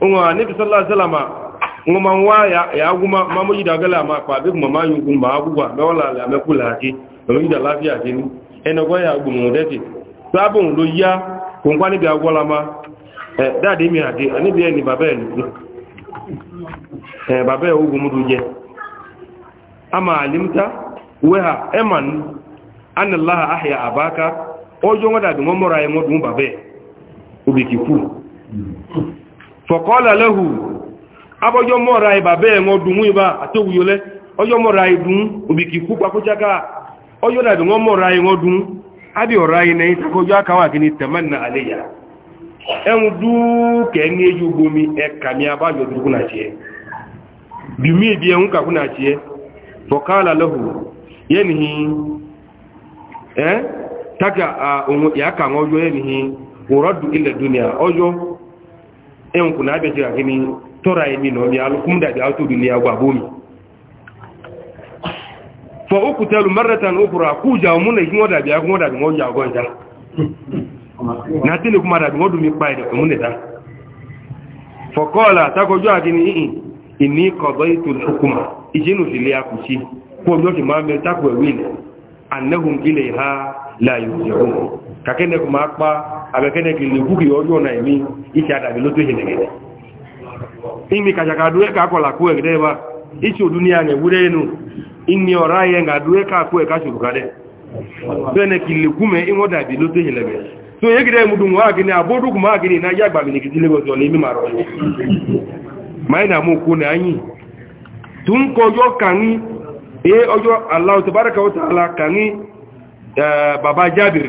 Speaker 1: nwa nabi sallallahu alaihi wasallam ngoma nwa ya ya aguma mamu yida gala ma kwa bi kuma ma yugun ma agugwa be wala la me kula ki no yida lafiya ki ni eno go ya gumu de ti sabun lo ya ko ngwa ni agwala ma eh dadi mi ade ani bi eni baba eni eh baba e ugumu duje ama alimta weha eman anna allah ahya abaka ojo ngoda du momora e ngodu baba e ubiki ku fọ̀kọ́lá lẹ́hù abọ́jọ́ mọ́ra ibà bẹ́ẹ̀ wọn dùnmú ibà àtòwúyọlẹ́ ọjọ́ mọ́ra ìdùn òbìkì kú pàkúcháká ọjọ́ dàbí wọn mọ́ra ìwọ́n dùn ábí ọ̀rá iná ìtakọjọ́ akáwà kí ni tẹ̀mánà àléyà ẹun dúkẹ́ ẹ̀hùn kò náà bẹ̀ṣẹ̀ àkíní tọ́ra ẹ̀mí náà ni alùkúmdàdì àtòdì ní agbà bómi fọ ókù tẹ́lù mẹ́rẹ̀tàn ókùrọ̀ àkújà ọmúnà ìkí wọ́n dàbí agún wọ́n dàbí wọ́n yà ọgọ́ ìdá náà tí nìkú máa dàbí wọ́n dùn mí pa ẹ̀dẹ̀ ọmúnà ìdá fọ̀kọ́ọ̀lá takọjú àkíní ìní kọ̀dọ̀ ètò ìṣokùnmà ìṣẹ́nù sí ilé akùsí fún ọjọ́ sì máa mẹ́ takọ̀ ẹ̀wìn ànẹ́hùn ilẹ̀ ìhá láàyò ìjẹ̀hùn kakene kuma akpa abekene kile kuki ojo na imi ichi adabi lo tuhi negede imi kajaka duwe ka akola kuwe gideba ichi dunia ne wurenu imi oraye nga duwe ka kuwe ka shurukade bene kile kume ingo dabi lo tuhi negede na yagba mini kitile go maro maina mu kune anyi tun kojo kani e ojo allah tabaraka wa eh, baba jabir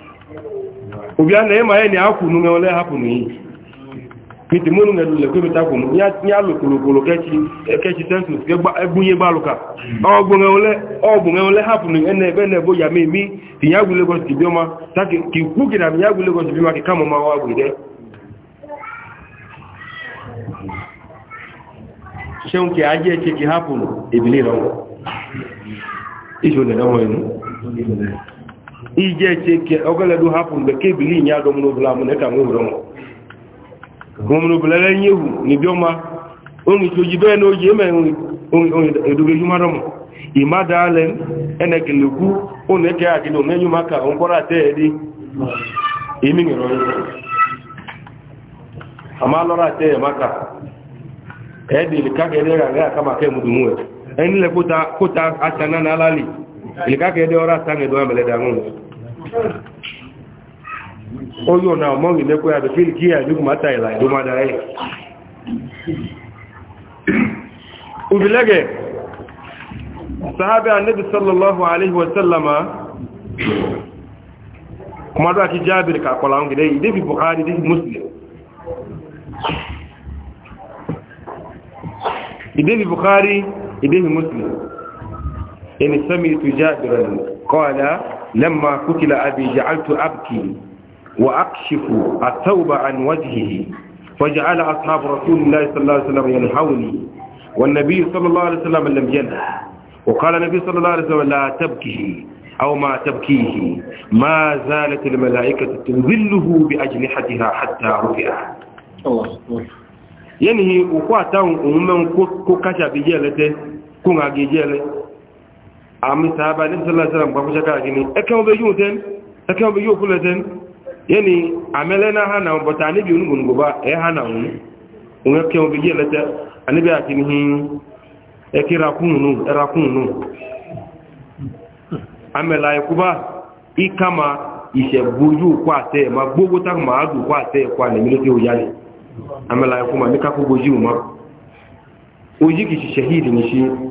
Speaker 1: obi a na-ema ya na akwụ n'ume ole hapụ ihe pete monu ngadu le ta kunu nya nya kechi eh, sensus ke ebunye eh, baluka hmm. ole ogbun ole hapun ene be bo ya mi mi ndị nya legos go ti bioma ta na nya gule go ti bioma ka ma ije cheke ogeledu hapụ mgbe kebili inye adọ mnobula amụ neka nwehuru ọmụ mnobula lenye onye n'ibiọma onye choji bee na oji eme edugeju mara mụ imada ale ukwu ụnụ eke ya gịdị onenye maka nkwara ata imi nyere onye ama ata maka edili ka ga-ede ga aga aka maka emudu nwere kụta na ìlìkákẹ́ ẹdẹ ọ̀rá sáà nìdọ́ àmẹ́lẹ́dà ń ó yóò náà mọ́ mi mẹ́kọ́ yàtọ̀ kí kí àdúgbò máta ìlà ìdómádà ẹ̀ òbílẹ́gẹ̀ sàábẹ́ anẹ́bí sallallahu alaihi wasallama kọmọdé àti jábìrì kàkọlá ń gẹ̀dẹ́ ìdí fi buhari dí muslim ìdí fi buhari ìdí fi muslim إن سمعت جابرا قال لما قتل أبي جعلت أبكي وأكشف الثوب عن وجهه فجعل أصحاب رسول الله صلى الله عليه وسلم ينحوني والنبي صلى الله عليه وسلم لم ينه وقال النبي صلى الله عليه وسلم لا تبكي أو ما تبكيه ما زالت الملائكة تظله بأجنحتها حتى رفع الله ينهي وقاتا ومن كوكا بجالته كون عجي جالته àmì sàábà ní sọ́lọ́sọ́lọ́ gbàkúṣẹ́kà gini ẹkẹ́ ọbẹ̀ yóò kúlẹ̀ tẹ́ yẹni àmẹ́lẹ́ náà hànà bọ̀tà níbi onúgbòǹgbò bá ha hànà òun òun ẹkẹ́ ọbẹ̀ yẹ lẹ́tẹ́ àníbí àkíní hin ẹkẹ́ rakúnnù àmẹ́lá ẹkú bá ìkàmà ìṣẹ̀gbójú kó àtẹ ma gbogbo tá màá dùn kó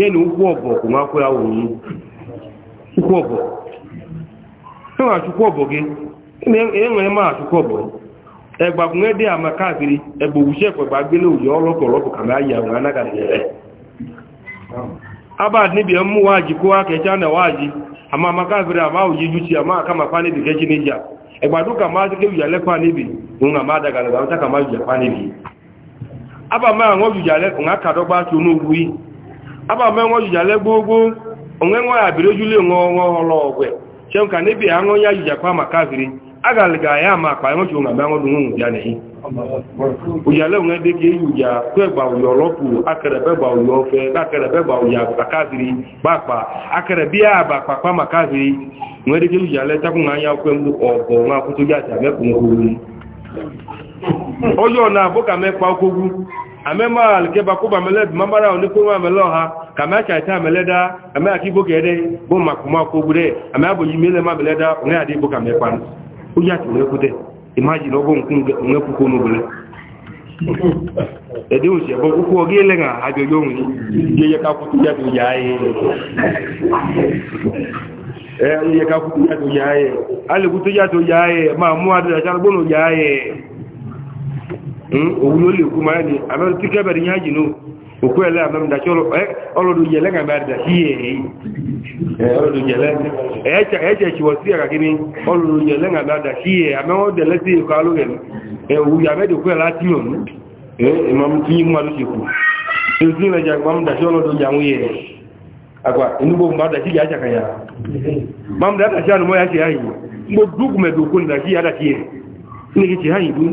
Speaker 1: yẹn ni ukwu ọbọ kò máa kó awò ukwu ọbọ ẹ wọn àtukọ ọbọ gị ẹ wọn ẹ máa ọbọ ẹgbà kún àmà káàkiri ẹgbà òwúṣẹ gbélé òyìn ọlọpọ ọlọpọ kàmí ayé àwọn níbi ẹ mú wáàjì kó wáàjì àmà àmà káàkiri àmà òyì ju ti àmà àkàmà níjà òun àmà kàmá abàmà àwọn tó aba m enwe jija gboo onwe nwe ya biri ojuli onwe ọnwa ọgwụ che ka na ebi aṅụ ya jija kwa maka ya a galiga ya ma akpa enwechi onwe abanwụ nwe nwe ya na-ehi ujale onwe dị ka eyi uja kwe gbawuyo lọpụ akịrịbe gbawuyo ofe akịrịbe gbakpa ya akpakpa maka nwere ike na anya mgbu nwa gị na abụ ka mekpa amema alkeba kuba mele mambara oni kuma mele ha kama cha ta mele da ama akibo gede bo makuma ko gure ama bo yimele ma mele da onga ade bo kame kute imagine ogo nkun nge ku ko no gure ede o se bo ku eh ye ka kutu ya to ya e ale ma mu adu ya cha òun hmm, ló lè kú máa ní àmẹ́rù tí kẹ́bẹ̀rẹ̀ yá jìnú òkú ẹ̀lẹ́ àmẹ́rù dáṣẹ́ ọlọ́dún yẹlẹ́ gàmẹ́ àdá sí ẹ̀ ọlọ́dún yẹlẹ́ ẹ̀ẹ́jẹ̀ ṣìwọ̀ sí ẹ̀kà kíní ọlọ́dún yẹlẹ́ gàmẹ́ àdá sí ẹ̀ àmẹ́wọ́dẹ̀lẹ́ sí ẹ̀kọ́ alóhẹ̀lú ẹ̀wù yàmẹ́dẹ̀kú ẹ̀lá tí ò ní ìmọ̀mú tí yí mú alóṣe kù èsì rẹ̀ jà gbọ́mú dáṣẹ́ ọlọ́dún yàwó yẹ àgbà inúgbò mú adàṣí yà jàkàyà mọ́mú dáṣẹ́ ànúmọ́ yà ṣe àyè mo dúkùmẹ̀dùkú nìdàṣí yà dàṣí yẹ ní kìí ṣe àyè dún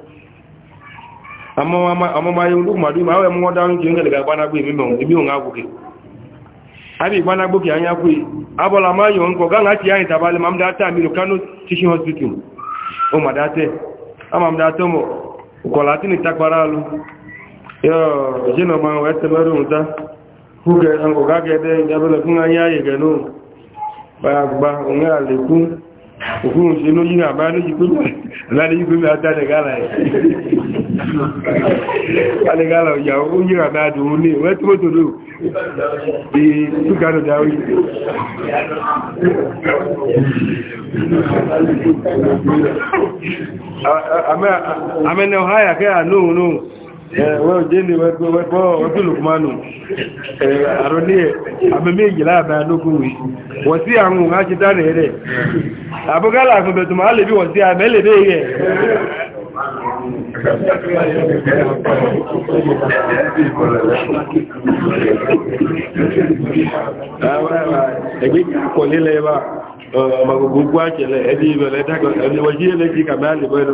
Speaker 1: amụma ya ndụ mmadụ ime ahụ m nwa danụ nke ngele ga-agbanagbo eme onwe agwụghị abịa igbanagbo ka anya kwughị abụla ma yo nkọ gaa ngachi anyị tabalị ma m data mmiri kano teaching hospital ụmadate ama m data ụmụ kọlatin takpara alụ jenọma wee temere ụta hụga ga-ede dabele fụ anya anyị ga n'ụmụ gbaya gbaa onwe ala ekwu òkú ń ṣe ló yí àbá lójú pé láàrín pé àtàdẹ̀gálà ẹ̀ àtàdẹ̀gálà ọ̀yà ó yí àbá àdùnún ní ìwẹ́ tó tó lò di túkàdù dáwí àmẹ́nà ọ̀háyà kẹ́ àlóhun náà ẹ̀wẹ́ òjé ni wẹ́gbọ́ ojúlùkmánù àrọ́lé àmẹ́mẹ́ ìjìlá àbáyánógún wí wọ́n sí àwọn òun ájí dáre rẹ̀ àbúgálà àfẹ́bẹ̀tùmọ̀ á lè bí wọ́n sí àmẹ́lẹ̀dẹ́ rẹ̀ ẹgbẹ́ kọ̀lélẹ̀ ẹbá ọmọ gbogbo àjẹ́lẹ̀ ẹdí ìbẹ̀lẹ̀ ẹdí wọ́n jí ẹlẹ́jì kàbẹ́ àlèbọ́ ẹ̀rọ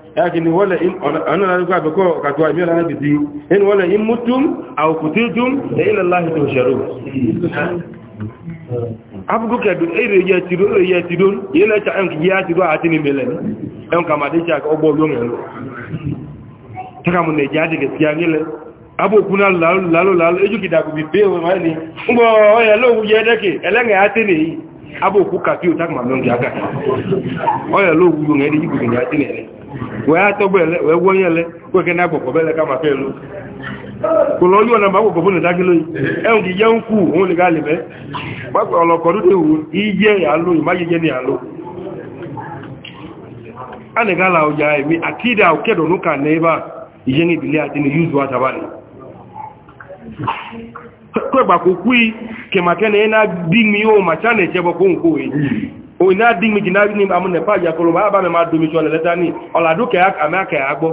Speaker 1: lakini wala in ana na kwa bako na in wala in mutum kutitum ila allah tusharu abugo ka ya ta ya do atini mele en de cha lo mun ne ke abo kuna bi be ma ni mbo ya lo wu ye deke elenge atini abo ku ka ti o taka ma lo ngi aka o ya lo wu ngeli ku ngi atini ele wee atọgbu ele wee gwuo onye ele kweke na agbọkọ bele kama ka elu kụlọ onye ọna mgbakwọ kọbụ na dagilo enwe gị yen kwu onwe na gali mee gbakwa ọlọkọrụ dị wu ije ya alụ ma ije na ya alụ a na gala ụja emi akida okedo n'ụka na ebe a ije na ibili adị na yuzu atabali kwegbakwa okwu kemake na ị na-adị n'ihe ụmacha na-echebọkwa nkwụ. onye na-adịghị m ji na ime amụ na-ekpe aja kụrụ ma aba m ma domichi ọ na-eleta ni ọla dụ ka ama aka agbọ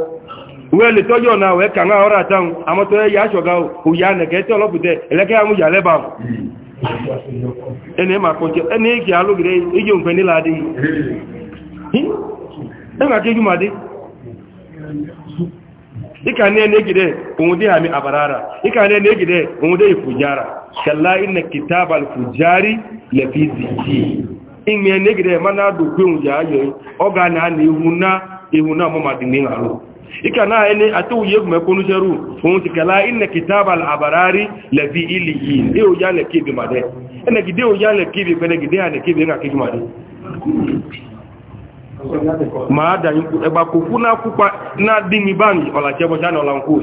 Speaker 1: wee leta ọjọọ na wee ka nwa ọrụ a ya achọga oyi a na-eke ete ọlọpụta eleke ya nwụji m adịghị dị egide ime negide mana a nje ọ ga na na ihu na ihu na mo madini haru ika na ene atu ye gume kunu jeru fun ti kala inna kitabal abarari la fi yi ndị o ya kebe made ene gide o ya le kibi pele gide ane na kebe made ma da yin eba na kupa na dimi bangi ola chebo jana ọla nku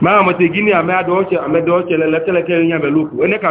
Speaker 1: ma mo gini ame ado oche ame ke yin ame luku ene ka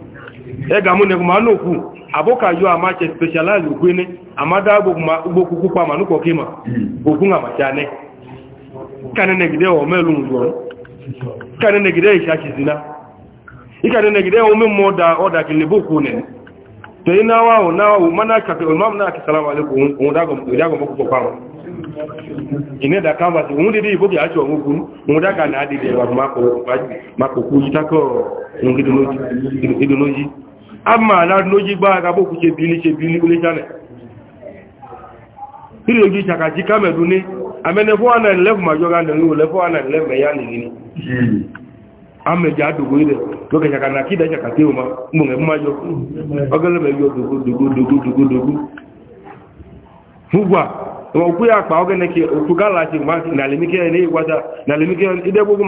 Speaker 1: ẹgà mú nẹkùnmá nókù àbókàyọ àmá ṣe specialize òkú ní àmádá gbogbo púpà mà núkọ̀ kí mà ògún àmàṣà ní kánẹ́nẹ̀gidẹ́ ọmẹ́lú ǹjọ́ kánẹ́nẹ̀gidẹ́ ìṣàṣìṣìná ìkánẹ́nẹ̀gidẹ́ ọmọ ọdà kìlẹ̀bókù nẹ̀ to yi nawawo nawawo mana kafin imam na ake salamu alaikun ohun dagon makwakwa kwaro ine da kama ti ohun dede ibobi ake ohun ogun ohun daga na adede wa makoku yi tako ohun idonoji amma na noji gba agabo ku se bili se bili ule jane ire amene 411 majora na ni o le 411 meya ni ni a adogo a dẹ lókè ṣàkànnà kí ìdájà kàtẹ́ o ma mọ̀ ẹ̀ mọ́ yọ ọgẹ́lẹ́mẹ̀ yọ dogodogodogodogo fúgbà òkú yà pa oge nẹ́kẹ́ òkú gálà ti na nàlẹ́míkẹ́ ẹ̀ ní ìwádà nàlẹ́míkẹ́ ìdẹ́ gbogbo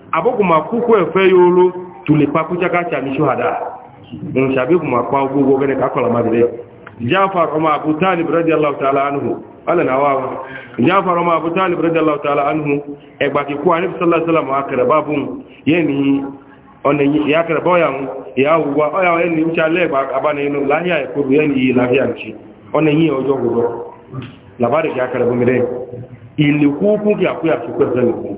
Speaker 1: aboko makuku efe yolo tulipa kuchaka cha mishuhada mshabiku makwa ugugo gene kakola madile Jafar Umar Abu Talib radiyallahu ta'ala anhu ala nawawa Jafar Umar Abu Talib radiyallahu ta'ala anhu e baki sallallahu alaihi wasallam akara babun yeni oni yakara boyan ya uwa oya yeni mchale ba abana inu lahia yeni lahia oni yi ojo gudo labari yakara bumire ilikuku kya ku ya ku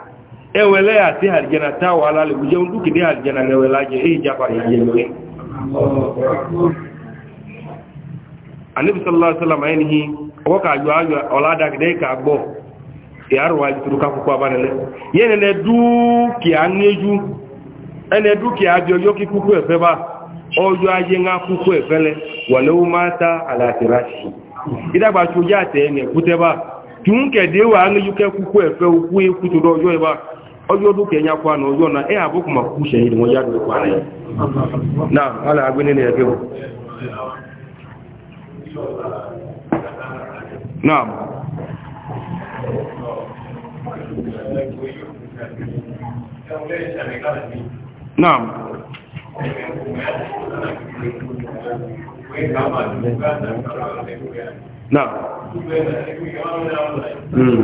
Speaker 1: ewele ati aljana ta wala le buje undu kidi aljana le welaje e jaba ye yewe anabi sallallahu alaihi wasallam ayni o ka yo ayo olada kide ka gbo yar wa turu ka ku abane le yene ne du ki aneju ene du ki abio yo ki kuku efe ba ọjọ́ dúkẹ́ ẹ̀yà kwa nà ọjọ́ náà ẹ̀ àbúkù mà kú ṣẹ̀yìn wọn yàdùn ìpa rẹ̀ náà alẹ́ agbé nínú ẹ̀kẹ́ wò náà náà náà Mm.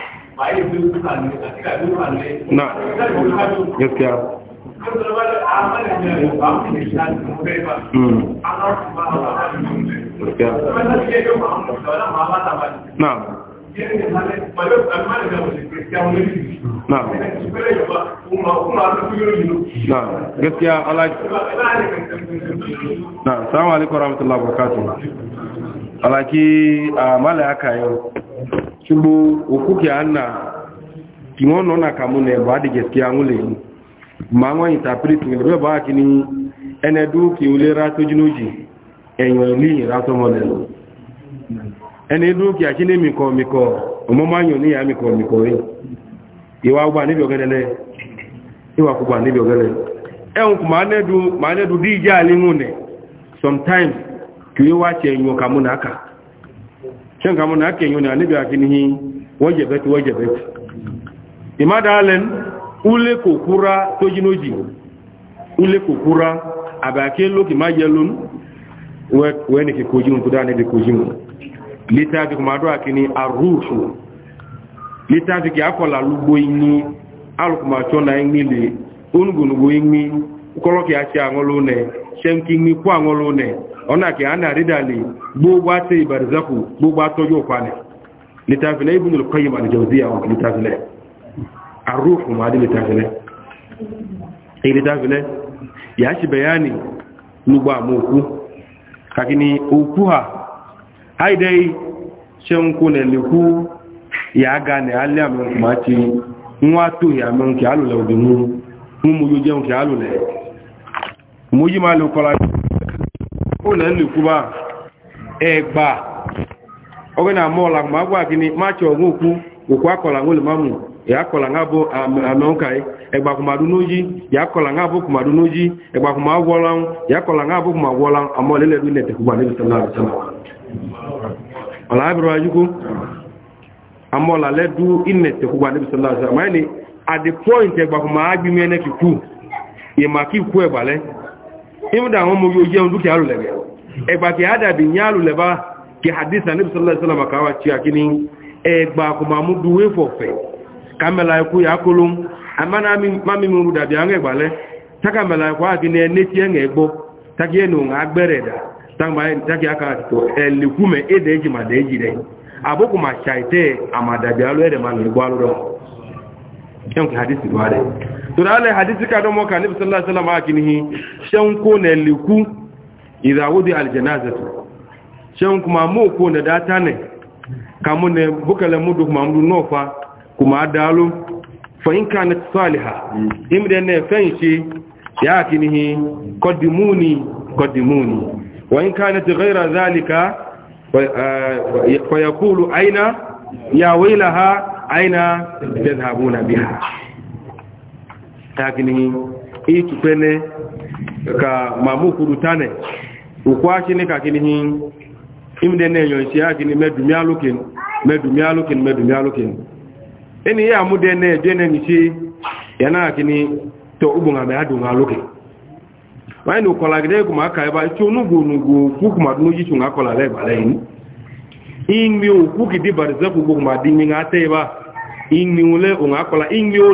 Speaker 3: na gaskiya na gaskiya
Speaker 1: ala na salamu alaikum warahmatullahi wabarakatuh alaki a ah, mala aka yau chugbo okwuke anna kinwe ọnọ na kamu ne ebe adịghị esi anwụ lehu ma nwa interpret nwere ebe a kini enedu ka ule rato ji n'oji enyo lihi rato model enedu ka akini mikọ mikọ ọmụma anyo ni ya mikọ mikọ yi e. iwa ugba níbi ọgẹlẹlẹ iwa kugba níbi ọgẹlẹ e ẹhùn kù ma nedu ma nedu di ije alị nwune sometimes kí wá ti enyo kamụ na aka shan kamo na ake yuni anibi a kinihi wajebeti wajebeti imada allen ule kokura to jinoji ule kokura a bakin loki majalun wani ke kojin kuda ne da kojin littafi kuma adọ́ akini arúṣù littafi kí akọ̀lá lúgbó inú alùkùnmà na inú ilé onígbònúgbò inú kọ́lọ́kì àti àwọn olóòrùn ṣẹ́mkí inú kú àwọn olóòrùn ona ke ana ridali gbogbo ate ibarzaku gbogbo atojo kwane litafile ibn al-qayyim al-jawziya wa litafile ar-ruh ma di litafile e litafile ya shi bayani lugba moku kakini okuha haidai shenku ne liku ya ga ne alle amun kuma ci nwa to ya mun ki alule obinu mu alule mu yi ụlọ nlukwuba ịgba, oge na mọla ma a gwa gịnị macha ọnwụ ukwu ukwu akọla nwụlụ mamụ ya kọla nga bụ amụkai e. egbakwụmadụ n'oji ya kọla nga bụ kwụmadụ n'oji egbakwụma ya kọla nga bụ netekwuba ọla ledu inetekwuba egbale imda àwọn ọmọ yóò jẹun dúkìá lulẹ̀gẹ̀ ẹgbà kí á dàbí ní alùlẹ̀bá kí hadisa níbi sallọ́sọ́lọ́mà makawa tí a kí ní ẹgbà kò máa mú duwé fọ̀fẹ̀ kàmẹ́lá ikú ya kóló àmánà mami mú na àwọn ẹgbàlẹ́ tákàmẹ́lá ikú àti ní ẹni tí ẹ̀ngẹ̀ gbọ́ tákì ẹnu ji aka tó ẹ̀lẹ́kùmẹ̀ èdè èjì tura ala hadisi ka don moka nabi sallallahu alaihi wasallam akinihi shan ko ne liku idha wudi al janazatu shan kuma mu ko ne data ne kamu ne bukale mudu kuma mudu nofa kuma dalu fa in kanat salihah hmm. imde ne fanshi ya akini hi qaddimuni qaddimuni wa in kanat ghayra dhalika eh, yaqulu aina ya wailaha aina tadhhabuna biha takini i tukene ka mamu kudu tane ukwashi ne kakini hin imde ne yo isi akini medumi alukin medumi alukin medumi alukin eni ya mude ne je ne nisi yana akini to ubunga me adu ngalukin wani ukola gide kuma aka eba ti onugu onugu ku kuma dunu yitu nga kola le bale yin inmi o ku gidi barzaku kuma dinmi nga te inmi ole o inmi o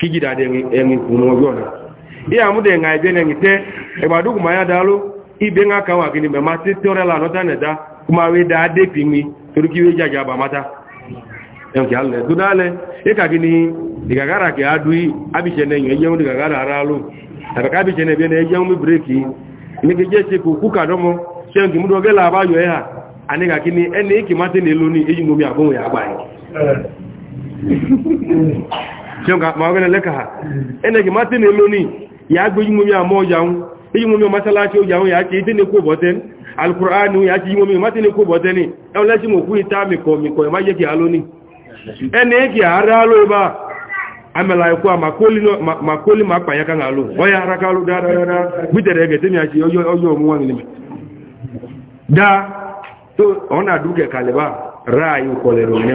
Speaker 1: kijida de engi kuno yona iya mude ngai bene ngite e badu kuma ya dalo ibe nga kawa kini be mati tore la nota neda kuma we da de pimi turuki we jaja ba mata en ki alle e ka kini digagara ke adui abise ne ngi yewu digagara aralo abaka abise ne bene yewu mi breki ni ke je se ku kuka domo se ngi mudo ge la ba yo ya ani ka kini eni ki mati ne loni eyi mo mi ya gba yi ṣeunga mawana lekaha ene ki mati ne loni ya gbe yimu mi amo yaun yimu mi masalachi o yaun ya ki ti ne ko boten alquran ya ki yimu mi mati ne ko boteni e le ti mo ku ita mi ene ki ara lo amela ku ma koli no ma koli ma pa ya kan alo o ya ara ka lo da da ona duke kaleba rai ko le ro ne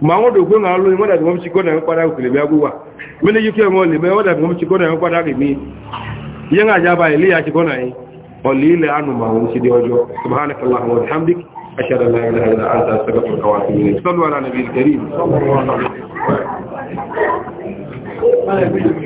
Speaker 1: ma àwọn òdògbó ń alóyè wọ́n dàbí wọ́n ti gọ́nà ń padà òkèlè bí agbówà mẹ́lẹ̀ yíkẹ́ wọn lè mẹ́ wọ́n dàbí wọ́n ti gọ́nà ń padà rè mí yẹ́n àjábá ilé àti gọ́nà yìí ọ̀lẹ́ ilẹ̀ anùmọ̀ àwọn ìṣẹ́dẹ̀ ọjọ́ subhanakallahu wa bihamdik ashhadu an la ilaha illa anta
Speaker 3: astaghfiruka